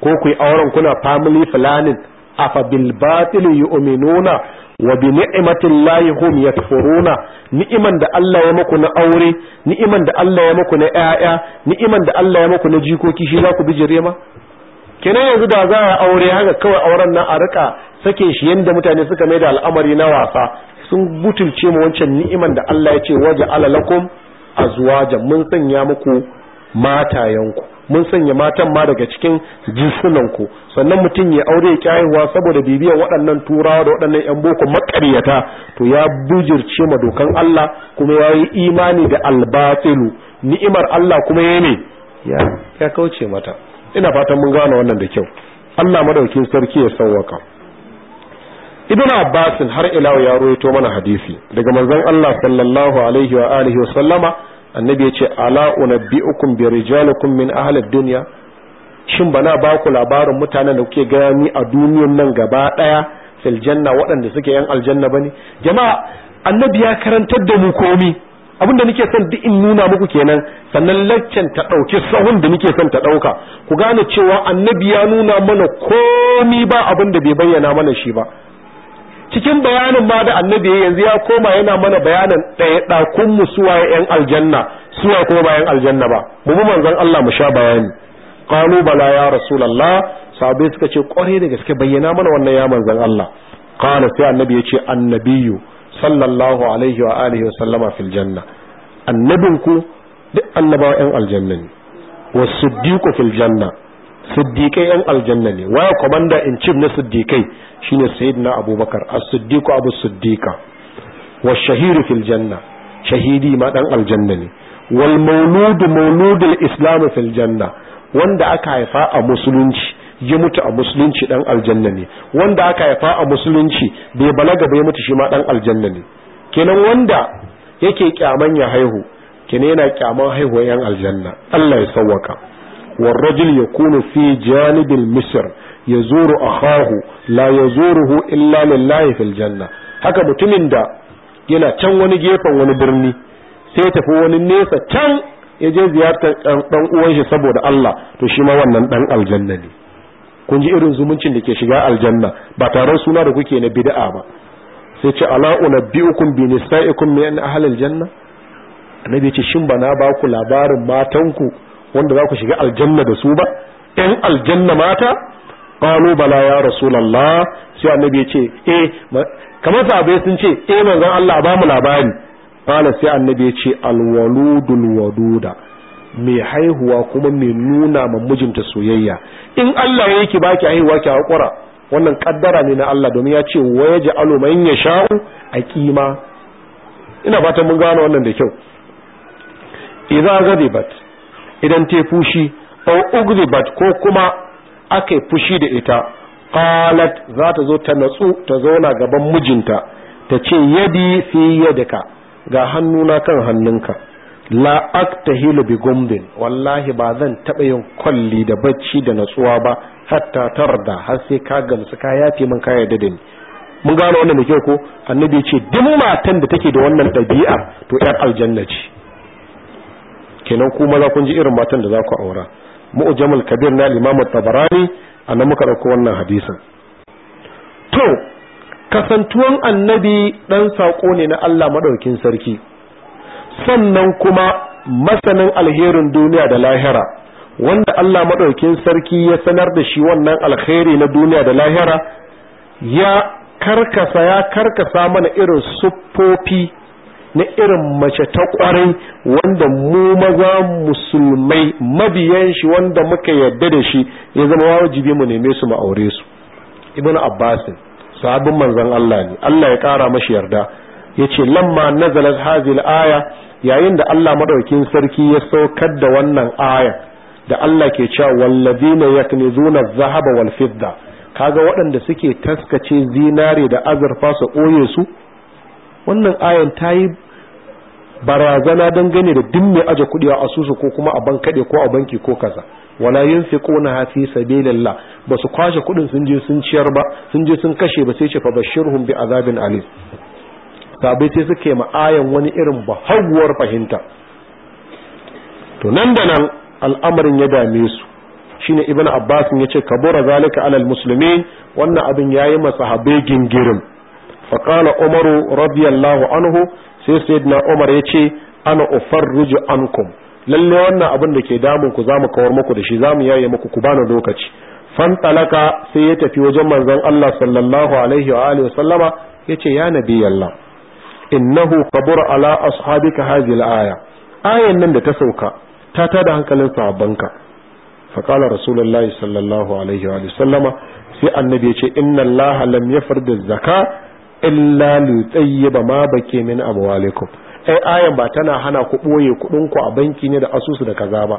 ko ku yi auren kuna family planning afa bil batil yu'minuna wa bi ni'matillahi hum yakfuruna ni'iman da Allah ya muku na aure ni'iman da Allah ya muku na ƴaƴa ni'iman da Allah ya muku na jikoki shi za ku bijire ma kenan yanzu da za a aure haka kawai auren nan a rika sake shi yanda mutane suka mai da al'amari na wasa sun butulce mu wancan ni'iman da Allah ya ce waje alalakum azwajan mun sanya muku matayanku mun sanya matan ma daga cikin ku sannan mutum ya aure ya kyayewa saboda bibiyar waɗannan turawa da waɗannan yan boko makaryata to ya bujirce ma dokan Allah kuma ya imani da albatilu ni'imar Allah kuma ya ne ya kauce mata ina fatan mun gane wannan da kyau Allah madaukin sarki ya sauwaka ibn abbas har ila ya ruwaito mana hadisi daga manzon Allah sallallahu alaihi wa alihi wa sallama annabi yace ala unabbiukum bi rijalikum min ahli dunya shin bana ba ku labarin mutanen da kuke gani a duniyar nan gaba daya fil janna waɗanda suke yan aljanna bane jama'a annabi ya karantar da mu komi abinda nake son duk in nuna muku kenan sannan laccan ta ɗauki sahun da nake son ta ɗauka ku gane cewa annabi ya nuna mana komi ba abinda bai bayyana mana shi ba cikin bayanin ba da annabi yanzu ya koma yana mana bayanin ɗaya ɗakun mu suwaye yan aljanna suwaye kuma ba yan aljanna ba mu bi manzon Allah mu sha bayani qalu bala ya rasulullah sahabbai suka ce kware da gaske bayyana mana wannan ya manzon Allah qala sai annabi yace annabiyu sallallahu alaihi wa alihi wa sallama fil janna annabinku duk annabawa yan aljanna ne wasu diko fil janna siddiƙai yan aljanna ne waya kwamandan in chief na siddiƙai shine na abubakar as-siddiqu abu siddiqa wa shahiru fil janna shahidi ma dan aljanna ne wal maulud mauludul islam fil janna wanda aka haifa a musulunci ya mutu a musulunci ɗan aljanna ne wanda aka haifa a musulunci bai balaga bai mutu shi ma ɗan aljanna ne kenan wanda yake kyaman ya haihu kenan yana kyaman haihuwar yan aljanna Allah ya sawwaka والرجل يكون في جانب المصر يزور أخاه لا يزوره إلا لله في الجنة haka mutumin da yana can wani gefen wani birni sai tafi wani nesa can ya je ziyartar dan uwan shi saboda Allah to shi ma wannan dan aljanna ne kun ji irin zumuncin da ke shiga aljanna ba tare suna da kuke na bid'a ba sai ce ala unabbiukum bi nisaikum min ahli aljanna annabi ce shin bana ba ku labarin matanku wanda za ku shiga aljanna da su ba ɗan aljanna mata qalu bala ya rasulullah sai annabi ya ce eh kamar sahabbai sun ce eh manzon Allah ba mu labari qala sai annabi ya ce alwaludul waduda mai haihuwa kuma mai nuna ma mijinta soyayya in Allah ya yake baki haihuwa ki hakura wannan kaddara ne na Allah domin ya ce wa ya man a aqima ina fatan mun gane wannan da kyau idza ghadibat idan ta fushi aw ugribat ko kuma aka fushi da ita qalat za ta zo ta natsu ta zauna gaban mijinta ta ce yadi fi yadaka ga hannuna kan hannunka la aktahilu bi gumdin wallahi ba zan taɓa yin kwalli da bacci da natsuwa ba hatta tarda har sai ka gamsu ka yafe min ka yarda da ni mun gano wannan da kyau ko annabi ce duk matan da take da wannan ɗabi'a to yar aljanna ce kenan ku maza kun ji irin matan da za ku aura jamal kabir na imam tabarani annan muka dauko wannan hadisin to kasantuwan annabi dan sako ne na Allah madaukin sarki sannan kuma masanin alherin duniya da lahira wanda Allah madaukin sarki ya sanar da shi wannan alheri na duniya da lahira ya karkasa ya karkasa mana irin suffofi na irin mace ta kwarai wanda mu maza musulmai mabiyan shi wanda muka yarda da shi ya zama wajibi mu neme su mu aure su ibnu abbas sahabin manzon Allah ne Allah ya kara mashi yarda yace lamma nazalat hazil aya yayin da Allah madaukin sarki ya saukar da wannan aya da Allah ke cewa wallazina yaknizuna adh-dhahaba wal fidda kaga waɗanda suke taskace zinare da azurfa su ɓoye su wannan ayan ta yi barazana dangane da duk mai aje kudi a asusu ko kuma a bankaɗe ko a banki ko kaza wala yunfiquna fi sabilillah ba su kwashe kuɗin sun je sun ciyar ba sun je sun kashe ba sai ce fa bashirhum bi azabin alim sabai sai suke ayan wani irin bahawuwar fahimta to nan da nan al'amarin ya dame su shine ibnu abbas ya ce kabura zalika alal muslimin wannan abin yayi masahabai gingirin فقال عمر رضي الله عنه sai sayyidina umar ya ce ana ufarruju ankum lalle wannan abin da ke damun ku zamu kawar muku da shi zamu yaye muku ku bani lokaci fantalaka sai ya tafi wajen manzon Allah sallallahu alaihi wa alihi wasallama yace ya nabiyallah innahu kabur ala ashabika hadhihi al-aya ayan nan da ta sauka ta tada hankalin sahabbanka fa qala rasulullahi sallallahu alaihi wa sallama sai annabi yace inna allaha lam yafrid zaka illa li tayyiba ma bake min amwalikum ai ayan ba tana hana ku boye kudin ku a banki ne da asusu da kaza ba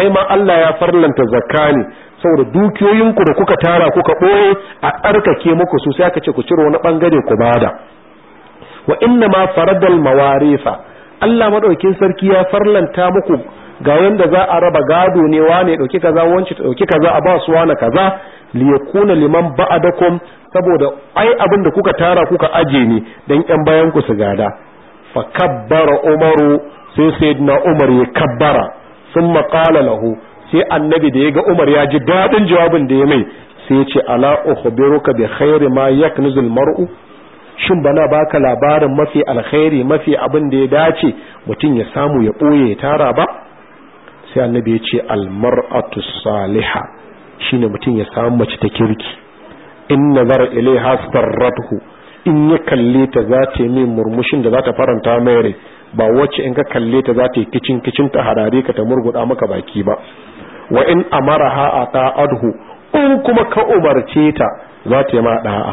ai ma Allah ya farlanta zakani saboda dukiyoyin ku da kuka tara kuka boye a tsarkake muku su sai aka ce ku ciro wani bangare ku bada wa inna ma faradal mawarisa Allah madaukin sarki ya farlanta muku ga wanda za a raba gado ne wane dauki kaza wance ta dauki kaza a ba su wane kaza liyakuna liman ba'adakum saboda ai abin da kuka tara kuka aje ne dan yan bayan ku su gada fa kabbara umaru sai sayyidina umar ya kabbara sun qala lahu sai annabi da yaga umar ya ji dadin jawabin da ya mai sai ya ce ala ukhbiruka bi khairi ma yaknuzul mar'u shin bana baka labarin mafi alkhairi mafi abin da ya dace mutum ya samu ya boye ya tara ba sai annabi ya ce almar'atu salihah shine mutum ya samu mace ta kirki in nazara ilaiha Radhu in ya kalle ta za ta yi murmushin da za ta faranta mai rai ba wacce in ka kalle ta za ta yi kicin kicin ta harare ka ta murguda maka baki ba wa in a ata'adhu in kuma ka umarce ta za ta yi ma da'a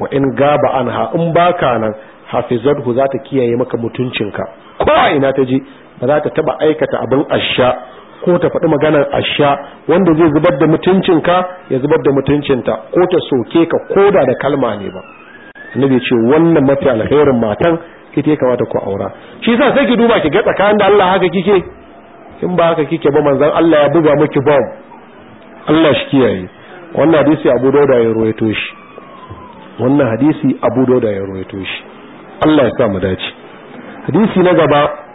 wa in gaba an ha in baka nan hafizathu za ta kiyaye maka mutuncinka ko a ina ta ji ba za ta taba aikata abin asha ko ta faɗi maganar asha wanda zai zubar da mutuncinka ya zubar da mutuncinta ko ta soke ka koda da kalma ne ba annabi ce wannan mafi alherin matan ita ya kamata ku aura shi yasa sai ki duba ki ga tsakanin da Allah haka kike in ba haka kike ba manzon Allah ya buga miki bom Allah shi kiyaye wannan hadisi Abu Dawud ya rawaito shi wannan hadisi Abu Dawud ya rawaito shi Allah ya sa mu dace hadisi na gaba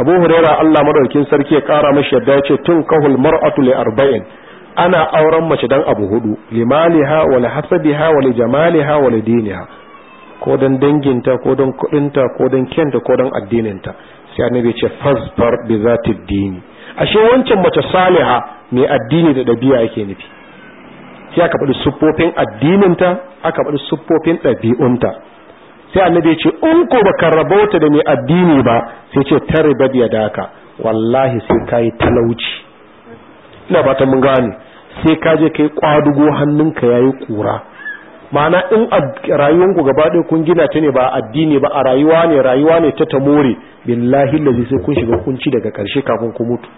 abu huraira allah madaukin sarki ya kara mashi yadda ya tun kahul mar'atu li arba'in ana auren mace dan abu hudu limaliha wa li hasabiha wa li jamaliha wa li diniha ko don danginta ko don kudinta ko don kenta, ko don addininta sai annabi ce fasfar bi zati din ashe wancan mace saliha mai addini da dabi'a yake nufi sai aka faɗi siffofin addininta aka faɗi siffofin ɗabi'unta sai annabi ya ce in ko baka rabauta da mai addini ba sai ce taribad ya ka wallahi sai kai talauci ina ba ta mun gane sai ka je kai kwadugo hannunka yayi kura ma'ana in rayuwanku gaba ɗaya kun gina ta ne ba addini ba a rayuwa ne rayuwa ne ta more billahi lazi sai kun shiga kunci daga ƙarshe kafin ku mutu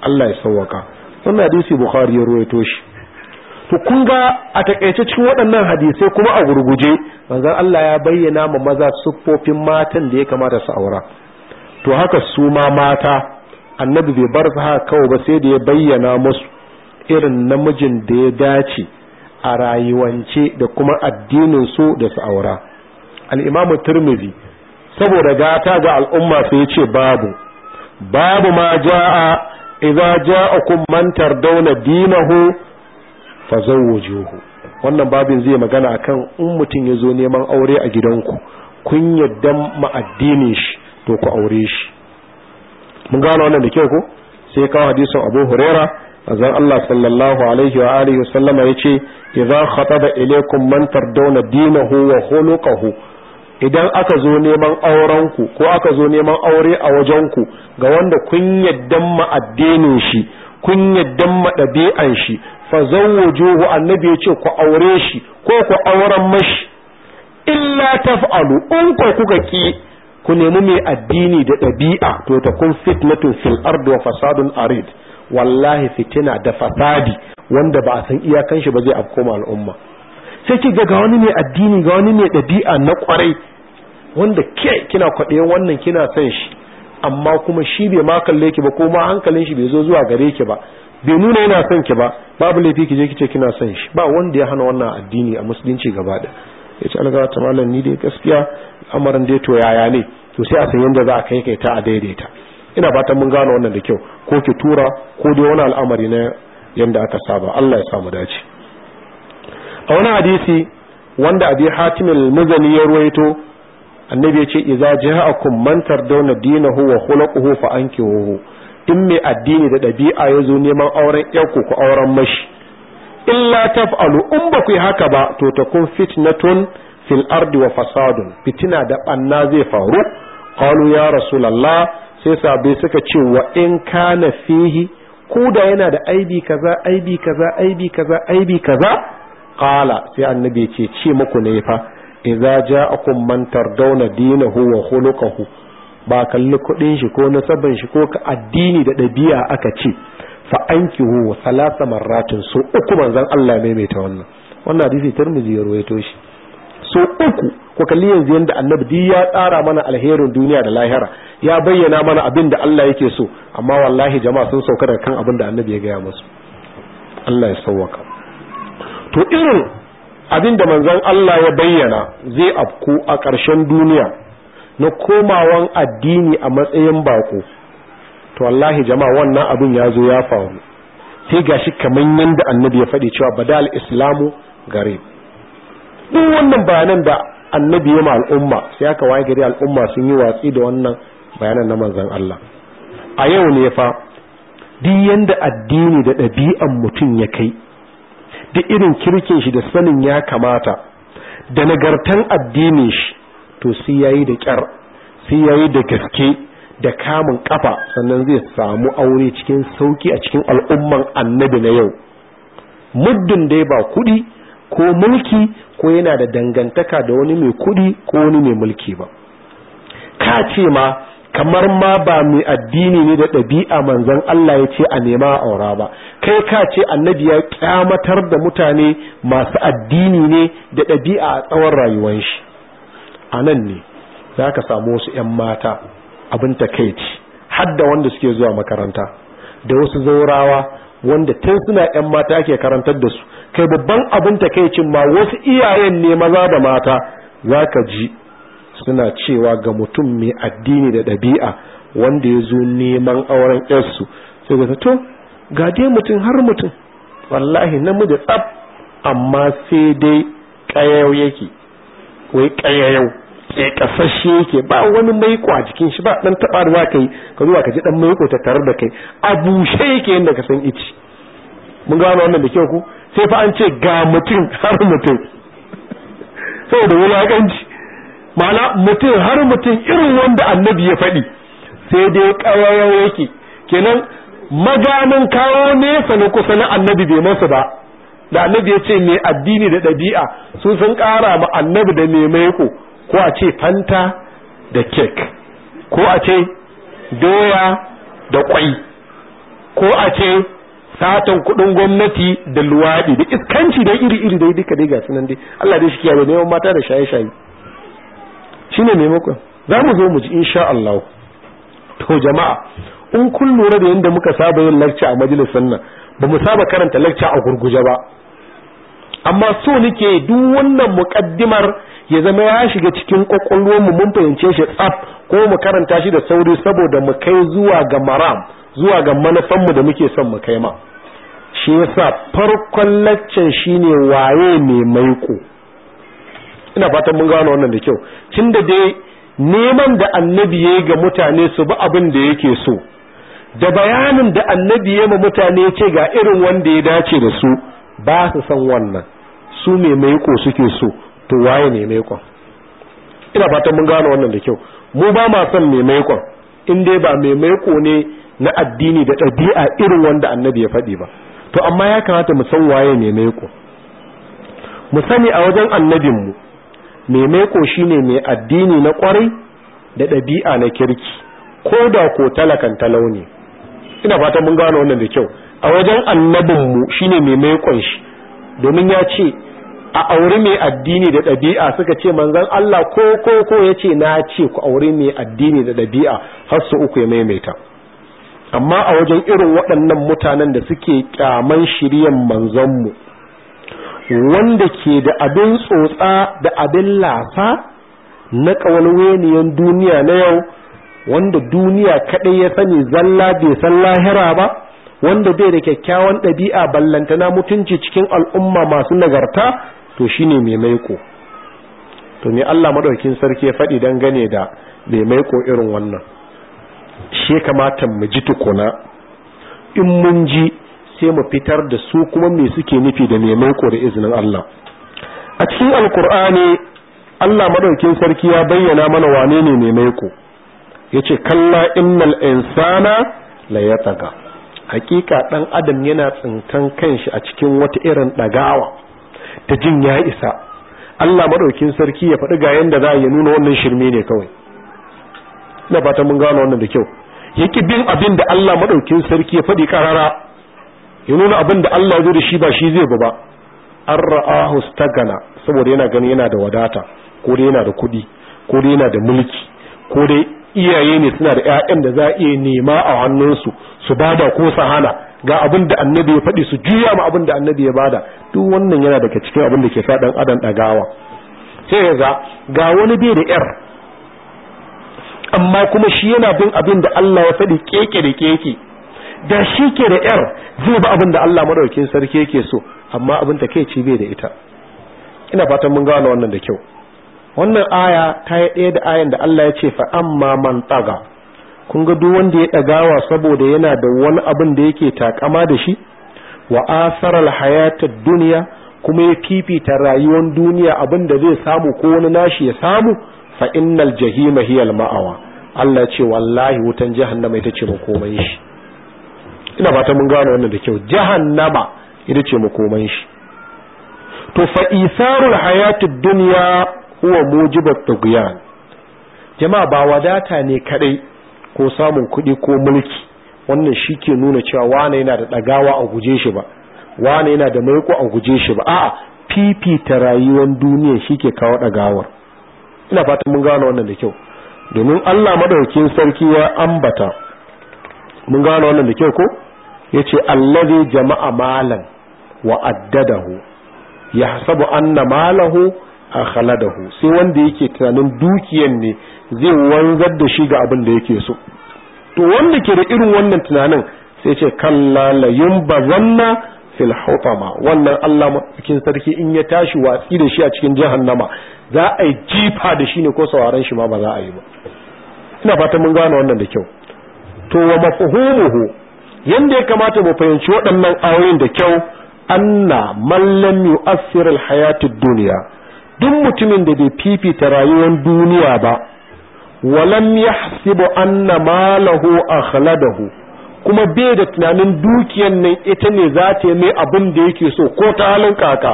Allah ya sauwaka wannan hadisi Bukhari ya ruwaito shi to kun ga a takaice cikin waɗannan hadisai kuma a gurguje manzon Allah ya bayyana ma maza siffofin matan da ya kamata su aura to haka su ma mata annabi bai bar su haka kawai ba sai da ya bayyana musu irin namijin da ya dace a rayuwance da kuma addinin su da su aura al-imam saboda gata ga al'umma sai ya ce babu babu ma jaa idza ja'akum man tardawna dinahu fazawwajuhu wannan babin zai magana akan in mutum yazo neman aure a gidanku kun yadda ma'addinin shi to ku aure shi mun gano wannan da kyau ko sai kawo hadisin Abu Huraira azan Allah sallallahu alaihi wa alihi wasallama yace idza khataba ilaykum man tardawna dinahu wa khuluquhu idan aka zo neman aurenku ko aka zo neman aure a wajen ku ga wanda kun yadda ma addinin shi kun yadda ma ɗabi'an shi fa zawwajuhu annabi yace ku aure shi ko ku auren mashi illa taf'alu in ko kuka ki ku nemi mai addini da ɗabi'a to ta kun fitnatu fil ardi wa fasadun arid wallahi fitina da fasadi wanda ba a san iyakan shi ba zai afko ma al'umma sai ki ga ga wani mai addini ga wani mai ɗabi'a na kwarai wanda ke kina kwaɗayin wannan kina san shi amma kuma shi bai ma kalle ki ba ko ma hankalin shi bai zo zuwa gare ki ba bai nuna yana son ki ba babu laifi ki je ki ce kina son shi ba wanda ya hana wannan addini a musulunci gaba da ya ce ta malam ni dai gaskiya al'amarin dai to yaya ne to sai a san yanda za a kai kai ta a daidaita ina fatan mun gano wannan da kyau ko ki tura ko dai wani al'amari na yanda aka saba Allah ya samu dace a wani hadisi wanda abi hatim al-muzani ya ruwaito annabi ya ce idza ja'akum man tardawna dinahu wa khulquhu fa ankihuhu in mai addini da ɗabi'a ya zo neman auren ku ko auren mashi illa taf'alu in ba ku yi haka ba to ta kun fitnatun fil ardi wa fasadun fitina da ɓanna zai faru qalu ya rasulullah sai sabai suka ce wa in kana fihi ko da yana da aibi kaza aibi kaza aibi kaza aibi kaza qala sai annabi ya ce ce muku ne fa idza ja'akum man tardawna dina huwa khuluquhu ba kalli kuɗin shi ko nasaban shi ko ka addini da ɗabi'a aka ce fa ankihu salasa marratin so uku manzon Allah maimaita wannan wannan hadisi Tirmidhi ya rawaito shi so uku ko kalli yanzu yanda Annabi duk ya tsara mana alherin duniya da lahira ya bayyana mana abin da Allah yake so amma wallahi jama'a sun sauka daga kan abin da Annabi ya gaya musu Allah ya sauwaka to irin abin da manzon Allah ya bayyana zai afku a ƙarshen duniya na komawan addini a matsayin bako to wallahi jama'a wannan abin ya zo ya faru sai gashi kaman yanda annabi ya faɗi cewa badal islamu gare duk wannan bayanan da annabi ya al'umma sai aka waye gari al'umma sun yi watsi da wannan bayanan na manzon Allah a yau ne fa duk yanda addini da ɗabi'an mutum ya kai duk irin kirkin shi da sanin ya kamata da nagartan addinin shi to si yayi da kyar sai yayi da gaske da kamun kafa sannan zai samu aure cikin sauki a cikin al'umman annabi na yau muddin dai ba kudi ko mulki ko yana da dangantaka da wani mai kudi ko wani mai mulki ba ka ce ma kamar ma ba mai addini ne da ɗabi'a manzon Allah ya ce a nema a aura ba kai ka ce annabi ya kyamatar da mutane masu addini ne da ɗabi'a a tsawon rayuwan shi a nan ne za ka samu wasu 'yan mata abin takaici hadda wanda suke zuwa makaranta da wasu zaurawa wanda tun suna 'yan mata ake karantar da su kai babban abin takaicin ma wasu iyayen ne maza da mata za ka ji suna cewa ga mutum mai addini da ɗabi'a wanda ya zo neman auren 'yarsu sai ga zato ga dai mutum har mutum wallahi namiji tsab amma sai dai ƙayayau yake wai ƙayayau ke eh, kasashe yake ba wani maiko a jikin shi ba dan tabarwa kai ka zuwa ka ji dan maiko ta tare da kai a bushe yake inda ka san ici mun gano wannan da kyau ku sai fa an ce ga mutum har mutum saboda wulakanci ma'ana mutum har mutum irin wanda annabi ya faɗi sai dai ƙararrawa yake kenan maganin kawo nesa na kusa na annabi bai masa ba da annabi ya ce mai addini da ɗabi'a su sun ƙara ma annabi da mai maiko ko a ce fanta da kek ko a ce doya da kwai ko a ce satan kudin gwamnati da luwaɗi da iskanci da iri-iri da duka dai ga sunan dai Allah dai shi kiyaye neman mata da shaye-shaye shine maimakon za mu zo mu ji insha Allah to jama'a in kun lura da yadda muka saba yin lakca a majalisar nan ba mu saba karanta lakca a gurguje ba amma so nake duk wannan muƙaddimar ya zama ya shiga cikin mu mun fahimce shi tsaf ko mu karanta shi da sauri saboda mu kai zuwa ga maram zuwa ga mu da muke son mu kai ma shi yasa farkon laccen shine waye mai maiko ina fatan mun gano wannan da kyau tunda dai neman da annabi yayi ga mutane su bi abin da yake so da bayanin da annabi ya ma mutane ce ga irin wanda ya dace da su ba su san wannan su mai maiko suke so to waye mai maikon ina fatan mun gano wannan da kyau mu ba ma son mai maikon in dai ba mai maiko ne na addini da ɗabi'a irin wanda annabi ya faɗi ba to amma ya kamata mu san waye mai maiko mu sani a wajen annabinmu mai maiko shine mai addini na kwarai da ɗabi'a na kirki ko da ko talakan talauni ina fatan mun gano wannan da kyau a wajen annabinmu shine mai maikon shi domin ya ce a aure mai addini da ɗabi'a suka ce manzon Allah ko ko ko ya ce na ce ku aure mai addini da ɗabi'a har su uku ya maimaita amma a wajen irin waɗannan mutanen da suke ƙyaman shiryan manzanmu wanda ke da abin tsotsa da abin lasa na ƙawalweniyan duniya na yau wanda duniya kaɗai ya sani zalla bai san lahira ba wanda bai da kyakkyawan ɗabi'a ballantana mutunci cikin al'umma masu nagarta to shine mai maiko to ne Allah maɗaukin sarki ya faɗi dangane da mai maiko irin wannan shi kamata mu ji tukuna in mun ji sai mu fitar da su kuma me suke nufi da mai maiko da izinin Allah a cikin alkur'ani Allah maɗaukin sarki ya bayyana mana wane ne mai maiko ce kalla innal insana la yataga hakika ɗan adam yana tsintan kanshi a cikin wata irin ɗagawa. ta jin ya isa Allah madaukin sarki ya faɗi ga yanda za a ya nuna wannan shirme ne kawai ina fata mun gano wannan da kyau yake bin abin da Allah madaukin sarki ya faɗi karara ya nuna abin da Allah zai da shi ba shi zai ba an ra'ahu stagana saboda yana gani yana da wadata ko dai yana da kuɗi ko dai yana da mulki ko dai iyaye ne suna da ƴaƴan da za a iya nema a hannunsu su bada ko sahana ga abin da annabi ya faɗi su juya ma abin da annabi ya bada duk wannan yana daga cikin abin da ke sa dan adam dagawa sai ya ga ga wani bai da yar amma kuma shi yana bin abin da Allah ya faɗi keke da keke da shi ke da yar zai ba abin da Allah maɗaukin sarki yake so amma abin ta kai ce bai da ita ina fatan mun gano wannan da kyau wannan aya ta yi ɗaya da ayan da Allah ya ce fa amma man taga kun ga duk wanda ya ɗagawa saboda yana da wani abin da yake takama da shi wa asarar hayatar duniya kuma ya fifita rayuwar duniya abin da zai samu ko wani nashi ya samu fa innal jahima ma'awa Allah ce wallahi wutan jahannama ita ce makomai shi ina fata mun gano wannan da kyau jahannama ita ce makomai shi to fa isarul duniya dunya huwa mujibat tughyan jama'a ba wadata ne kadai ko samun kuɗi ko mulki wannan shi ke nuna cewa wane yana da ɗagawa a guje shi ba wane yana da maiko a guje shi ba a'a fifita rayuwar duniya shi ke kawo ɗagawar ina fatan mun gano wannan da kyau domin allah madaukin sarki ya ambata mun gano wannan da kyau ko ya ce allazi jama'a malan wa addadahu ya hasabu anna malahu a khaladahu sai wanda yake tunanin dukiyan ne zai wanzar da shi ga abin da yake so to wanda ke da irin wannan tunanin sai ce kalla la zanna fil hutama wannan Allah cikin sarki in ya tashi watsi da shi a cikin jahannama za a yi jifa da shi ne ko sauraron shi ma ba za a yi ba ina fatan mun gane wannan da kyau to wa mafhumuhu yanda ya kamata mu fahimci waɗannan ayoyin da kyau anna man lam yu'assir al hayatid dunya duk mutumin da bai fifita rayuwar duniya ba walam yahsibu anna malahu akhladahu kuma bai da tunanin dukiyan nan ita ne za ta yi mai abin da yake so ko ta halin kaka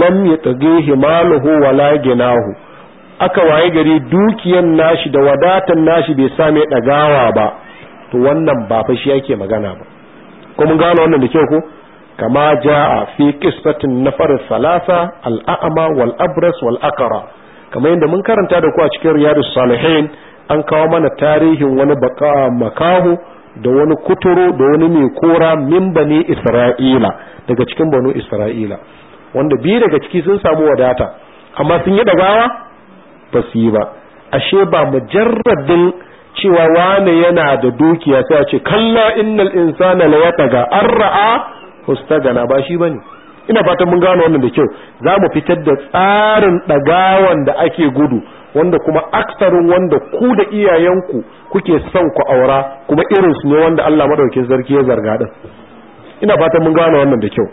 lam ya tsage malahu wala ginahu aka waye gari dukiyan nashi da wadatan nashi bai same dagawa ba to wannan ba fa shi yake magana ba ko mun gano wannan da kyau ko kama jaa fi qisfatin nafar salasa al-a'ma wal abras wal aqra kamar yadda mun karanta da ku a cikin riyadus salihin an kawo mana tarihin wani baka makahu da wani kuturo da wani mai kora min bani isra'ila daga cikin banu isra'ila wanda biyu daga ciki sun samu wadata amma sun yi dagawa ba su yi ba ashe ba mujarradin cewa wane yana da dukiya sai a ce kalla innal insana la yataga arra'a hustagana ba shi bane ina fatan mun gano wannan da kyau za mu fitar da tsarin ɗagawan da ake gudu wanda kuma aksarin wanda ku da iyayenku kuke son ku aura kuma irin su ne wanda Allah madaukakin sarki ya zarga din ina fatan mun gano wannan da kyau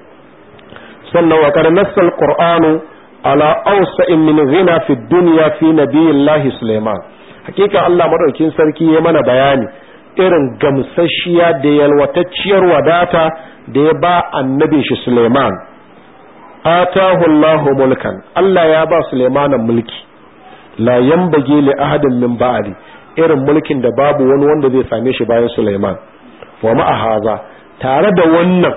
sannan wa kana qur'anu ala awsa min ghina fi dunya fi nabiyillahi sulaiman hakika Allah madaukakin sarki ya mana bayani irin gamsashiya da yalwatacciyar wadata da ya ba annabi shi Suleiman atahu الله mulkan Allah ya ba Sulaimanan mulki la ينبغي li ahadin min ba'di irin mulkin da babu wani wanda zai same shi bayan Sulaiman wa ma haza tare da wannan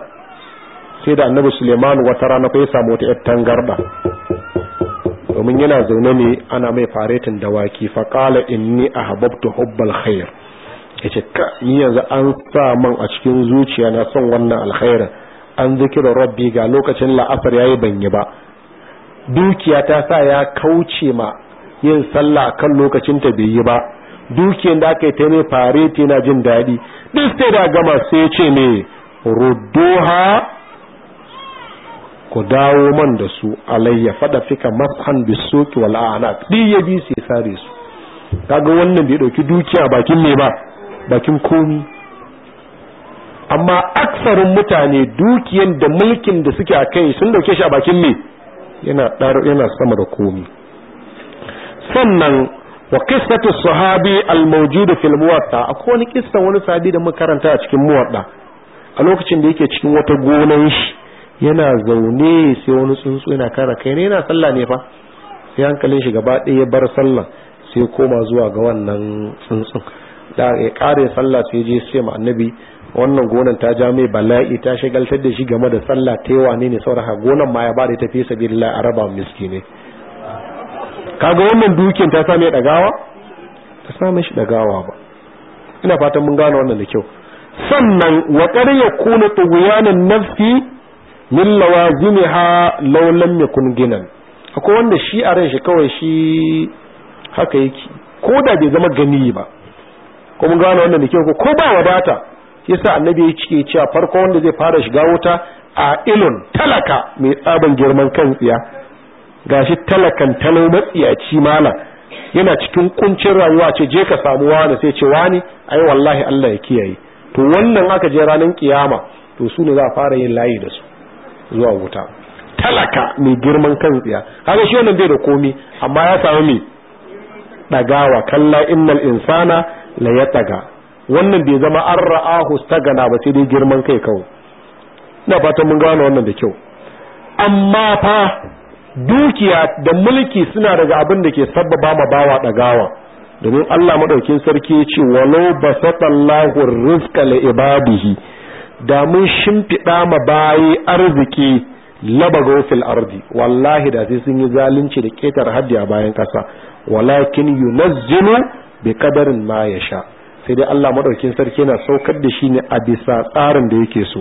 sai da Annabi Sulaiman wata rana ko ya samu wata tangarda domin yana zaune ne ana mai faretin dawaki fa qala inni ahbabtu hubbal khair yace ka ni yanzu an sa man a cikin zuciya na son wannan alkhairin an zikirar rabbi ga lokacin la'asar ya yi yi ba dukiya ta sa ya kauce ma yin sallah kan lokacin ta bai yi ba dukiyar da aka yi ta mai fare ta yana jin daɗi duk sai da gama sai ce ne rudoha ku dawo man da su alayya fada fika mas'an bisuki wal a'naq duk ya bi sai sare su kaga wannan bai dauki dukiya bakin me ba bakin komi amma aksarin mutane dukiyan da mulkin da suke a kai sun dauke shi a bakin me yana yana sama da komi sannan wa qissatu sahabi al-mawjud fil muwatta akwai wani kissa wani sahabi da muka karanta a cikin muwatta a lokacin da yake cikin wata gonan shi yana zaune sai wani tsuntsu yana kara kai ne yana sallah ne fa sai hankalin shi gaba ɗaya bar sallah sai koma zuwa ga wannan tsuntsun da ya kare sallah sai je sai ma annabi wannan gonan ta ja mai bala'i ta shagaltar da shi game da sallah ta yi ne ne sauraka gonan ma ya ba da ta fi sabilillah a miski ne kaga wannan dukin ta same dagawa ta same shi dagawa ba ina fatan mun gano wannan da kyau sannan wa ya kuna tuguyanin nafsi min lawazimha ha lam yakun ginan akwai wanda shi a ran shi kawai shi haka yake ko da bai zama gani ba ko mun gano wannan da kyau ko ba wadata yasa annabi ya cike cewa farko wanda zai fara shiga wuta a ilon talaka mai tsaban girman kan tsiya gashi talakan a matsiyaci mala yana cikin kuncin rayuwa ce je ka samu wani sai ce wani ai wallahi Allah ya kiyaye to wannan aka je ranar kiyama to su ne za a fara yin layi da su zuwa wuta talaka mai girman kan tsiya kaga shi wannan bai da komi amma ya samu mai dagawa kalla innal insana la yataga wannan bai zama an ra'ahu sagana ba sai dai girman kai kawai ina fatan mun gano wannan da kyau amma fa dukiya da mulki suna daga abin da ke sabbaba ma bawa dagawa domin Allah madaukin sarki ya ce walau basatallahu rizqa li ibadihi da mun shimfiɗa ma bayi arziki labago fil ardi wallahi da sai sun yi zalunci da ketar haddi a bayan kasa walakin yunazzilu bi qadarin ma yasha sai dai Allah madaukakin sarki yana saukar da shi ne a bisa tsarin da yake so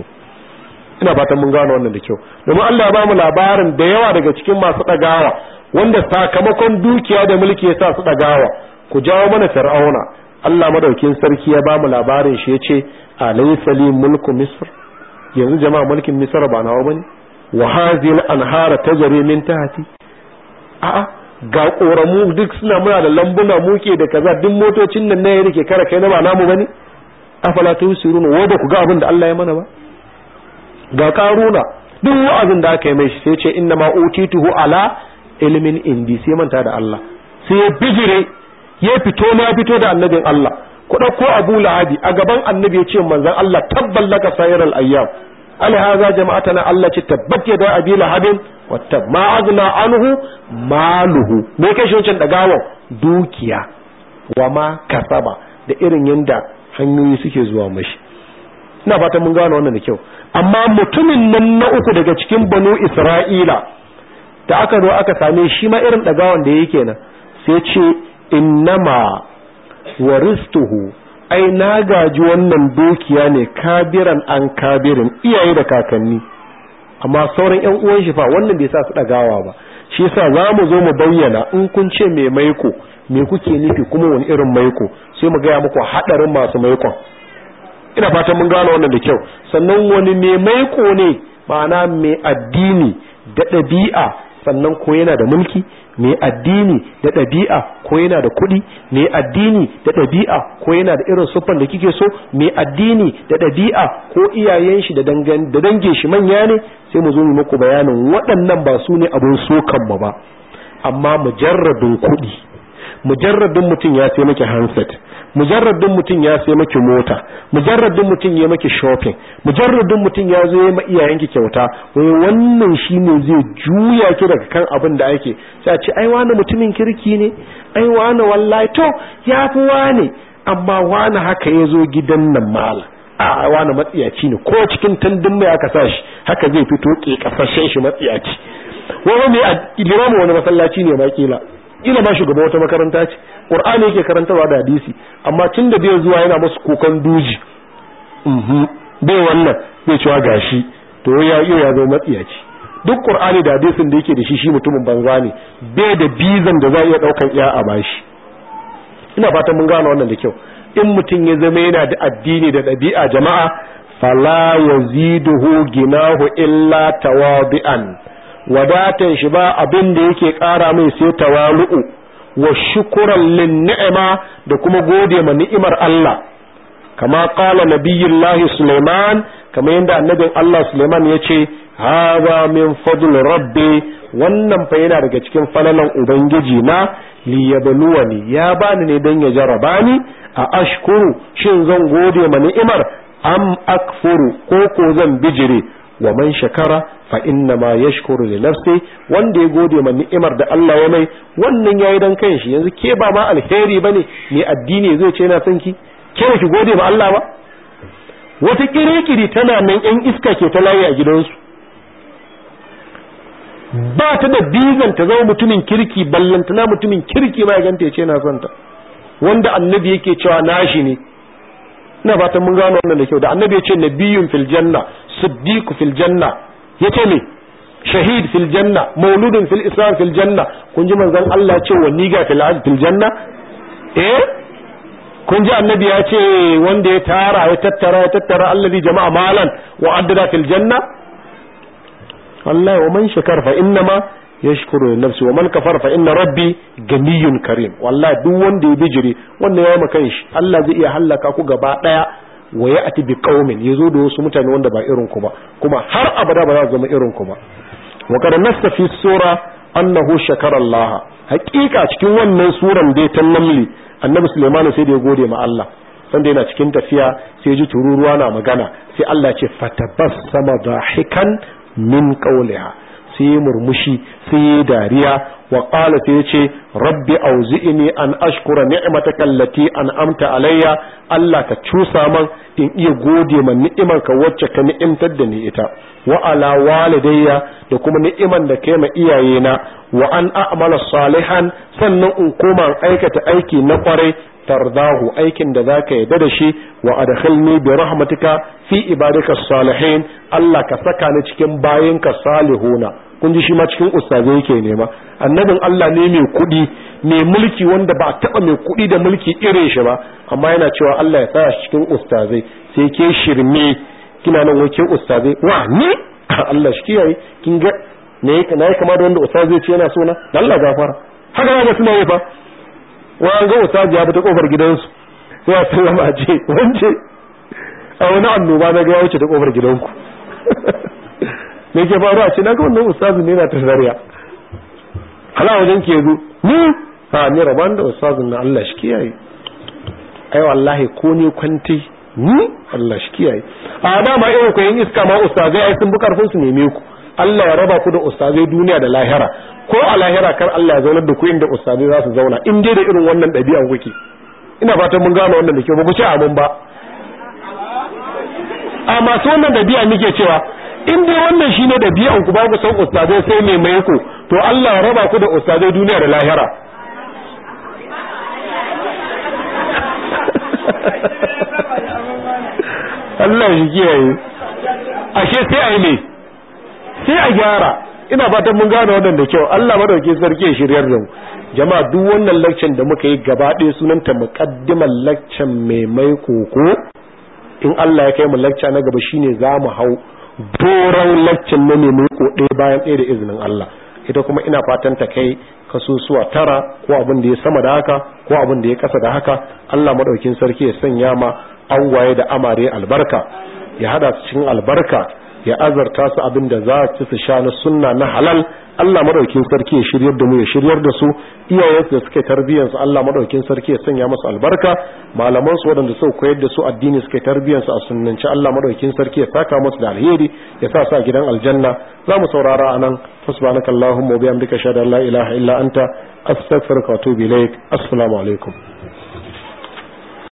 ina fatan mun gano wannan da kyau domin Allah ya bamu labarin da yawa daga cikin masu dagawa wanda sakamakon dukiya da mulki ya sa su dagawa ku jawo mana fir'auna Allah madaukakin sarki ya bamu labarin shi yace alaysa li mulku misr yanzu jama'a mulkin misr ba nawa bane wa hazil anhara tajri min tahti a'a ga ƙoramu duk suna muna da lambuna muke da kaza duk motocin nan na yake kare kai na ba namu bane afala tusiruna wa ba ku ga abin da Allah ya mana ba ga karuna duk wa'azin da aka yi mai shi sai ce inna ma utituhu ala ilmin indi sai manta da Allah sai ya bijire ya fito na fito da annabin Allah ku dauko Abu Lahabi a gaban annabi ya ce manzon Allah tabballaka sayral ayyam alhaza jama'atana Allah ce tabbake da Abu Lahabin wata ma'azna anhu maluhu me kai shi wancan dagawan dukiya wa ma kasaba da irin yanda hanyoyi suke zuwa mashi ina fatan mun gano wannan da kyau amma mutumin nan na uku daga cikin banu isra'ila da aka zo aka same shi ma irin dagawan da yake nan sai ce innama waristuhu ai na gaji wannan dukiya ne kabiran an kabirin iyaye da kakanni amma sauran yan uwan shi fa wannan bai sa su dagawa ba shi yasa za mu zo mu bayyana in kun ce mai maiko me kuke nufi kuma wani irin maiko sai mu gaya muku hadarin masu maikon ina fatan mun gane wannan da kyau sannan wani mai maiko ne ma'ana mai addini da ɗabi'a sannan ko yana da mulki mai addini da ɗabi'a ko yana da kuɗi mai addini da ɗabi'a ko yana da irin sufan da kike so mai addini da ɗabi'a ko iyayen shi da dangin shi manya ne sai mu zo mu muku bayanin waɗannan ba su ne abin sokan kanmu ba amma mujarrabin kuɗi mujarrabin mutum ya sai miki handset mujarradin mutum ya sai maki mota mujarradin mutum ya maki shopping mujarradin mutum ya zo ya ma ki kyauta wai wannan shine zai juya ki daga kan abin da ake sai a ce ai wani mutumin kirki ne ai wani wallahi to ya fi wani amma wani haka ya zo gidan nan mala a wani matsiyaci ne ko cikin tandin mai aka sa shi haka zai fito ke kasashen shi matsiyaci wani ne a wani masallaci ne ma kila kila ba shugaban wata makaranta ce qur'ani yake karantawa da hadisi amma tun da bai zuwa yana musu kokan duji mhm bai wannan bai cewa gashi to ya iya ya zo matsiyaci duk qur'ani da hadisin da yake da shi shi mutumin banza ne bai da bizan da za iya ɗaukan iya a bashi ina fatan mun gane wannan da kyau in mutum ya zama yana da addini da ɗabi'a jama'a fala yaziduhu ginahu illa tawabi'an wadatan shi ba abin da yake ƙara mai sai tawalu'u wa shukuran lin ni'ima da kuma gode ma ni'imar Allah kama qala nabiyullahi Sulaiman Kama yanda annabin Allah Sulaiman ya ce haza min fadl rabbi wannan fa yana daga cikin falalan ubangiji na li yabluwani ya bani ne dan ya jaraba ni a ashkuru shin zan gode ma ni'imar am akfuru ko ko zan bijire wa man shakara fa inna ma yashkuru li nafsi wanda ya gode ma ni'imar da Allah ya mai wannan yayi dan kan shi yanzu ke ba ma alheri bane ne addini zai ce na son ki ke ki gode ma Allah ba wata kirikiri tana nan yan iska ke ta layi a gidansu ba ta da dizan ta zama mutumin kirki ballantana mutumin kirki ma ya ganta ya ce na son wanda annabi yake cewa nashi ne ina fatan mun gano wannan da kyau da annabi ya ce nabiyyun fil janna siddiqu fil janna yace me shahid fil janna mauludun fil islam fil janna kun ji manzon Allah ya ce wa niga fil fil janna eh kun ji annabi ya ce wanda ya tara ya tattara ya tattara allazi jama'a malan wa addada fil janna wallahi wa man shakar fa innama yashkuru li nafsi wa man kafara fa inna rabbi ganiyun karim wallahi duk wanda ya bijire wannan ya maka shi Allah zai iya hallaka ku gaba daya wa ya'ti bi qaumin yazo da wasu mutane wanda ba irin ku ba kuma har abada ba za su zama irin ku ba wa qad nasta fi sura annahu shakara Allah haqiqa cikin wannan suran dai ta namli annabi Sulaiman sai da ya gode ma Allah sanda yana cikin tafiya sai ji tururuwa na magana sai Allah ya ce fatabassama dahikan min qawliha sai murmushi sai dariya wa qala sai yace rabbi auzi'ini an ashkura ni'mataka an amta alayya Allah ka cusa man in iya gode man ni'imar ka wacce ka ni'imtar da ni ita wa ala walidayya da kuma ni'iman da kai ma iyaye na wa an a'mala salihan sannan in koma aikata aiki na kwarai tardahu aikin da zaka yarda da shi wa adkhilni bi rahmatika fi ibadika salihin Allah ka saka ni cikin bayinka salihuna kun ji shi ma cikin ustazai yake nema annabin Allah ne mai kuɗi mai mulki wanda ba taɓa mai kuɗi da mulki irin shi ba amma yana cewa Allah ya sa shi cikin ustazai sai ke shirme kina nan wake ustazai wa ni Allah shi kiyaye kin ga ne yake na kama da wanda ustazai ce yana so na Allah gafara haka ba suna yi fa wa an ga ustazi ya fita kofar gidansu sai ya sallama je wance a wani annoba na ga ya wuce ta kofar gidanku me ke faruwa ce na ga wannan ustazin ne na ta zariya hala wajen ke zo ni ha ni rabon da ustazin na Allah shi kiyaye ai wallahi ko ni kwanti ni Allah shi kiyaye a dama irin ku yin iska ma ustazai ai sun bi karfin su neme ku Allah ya raba ku da ustazai duniya da lahira ko a lahira kar Allah ya zaunar da ku inda ustazai za su zauna in dai da irin wannan ɗabi'an kuke ina fatan mun gano wannan da kyau ba ku ce amin ba a masu wannan ɗabi'a muke cewa in dai wannan shine da biyan ku babu san ustazai sai mai mai ku to Allah ya raba ku da ustazai duniya da lahira Allah shi kiyaye ashe sai a ne sai a gyara ina fatan mun gane wannan kyau Allah madauke sarki ya shiryar da mu jama'a duk wannan lakcin da muka yi gaba ɗaya sunanta muqaddimal lakcin mai mai koko in Allah ya kai mu lakca na gaba shine za mu hau doron laccin na nemi ko ɗaya bayan ɗaya da izinin Allah ita kuma ina fatan ta kai kasusuwa tara ko abin da ya sama da haka ko abin da ya kasa da haka Allah maɗaukin sarki ya sanya ma waye da amare albarka ya hada cikin albarka ya azarta su abin da za su su sha na sunna na halal Allah madaukin sarki ya shiryar da mu ya shiryar da su iyayensu da suke tarbiyyar su Allah madaukin sarki ya sanya musu albarka malaman su waɗanda suka koyar da su addini suke tarbiyyar su a sunnanci Allah madaukin sarki ya saka musu da alheri ya sa sa gidan aljanna za mu saurara anan subhanakallahumma wa bihamdika shada la ilaha illa anta astaghfiruka wa atubu ilaik assalamu alaikum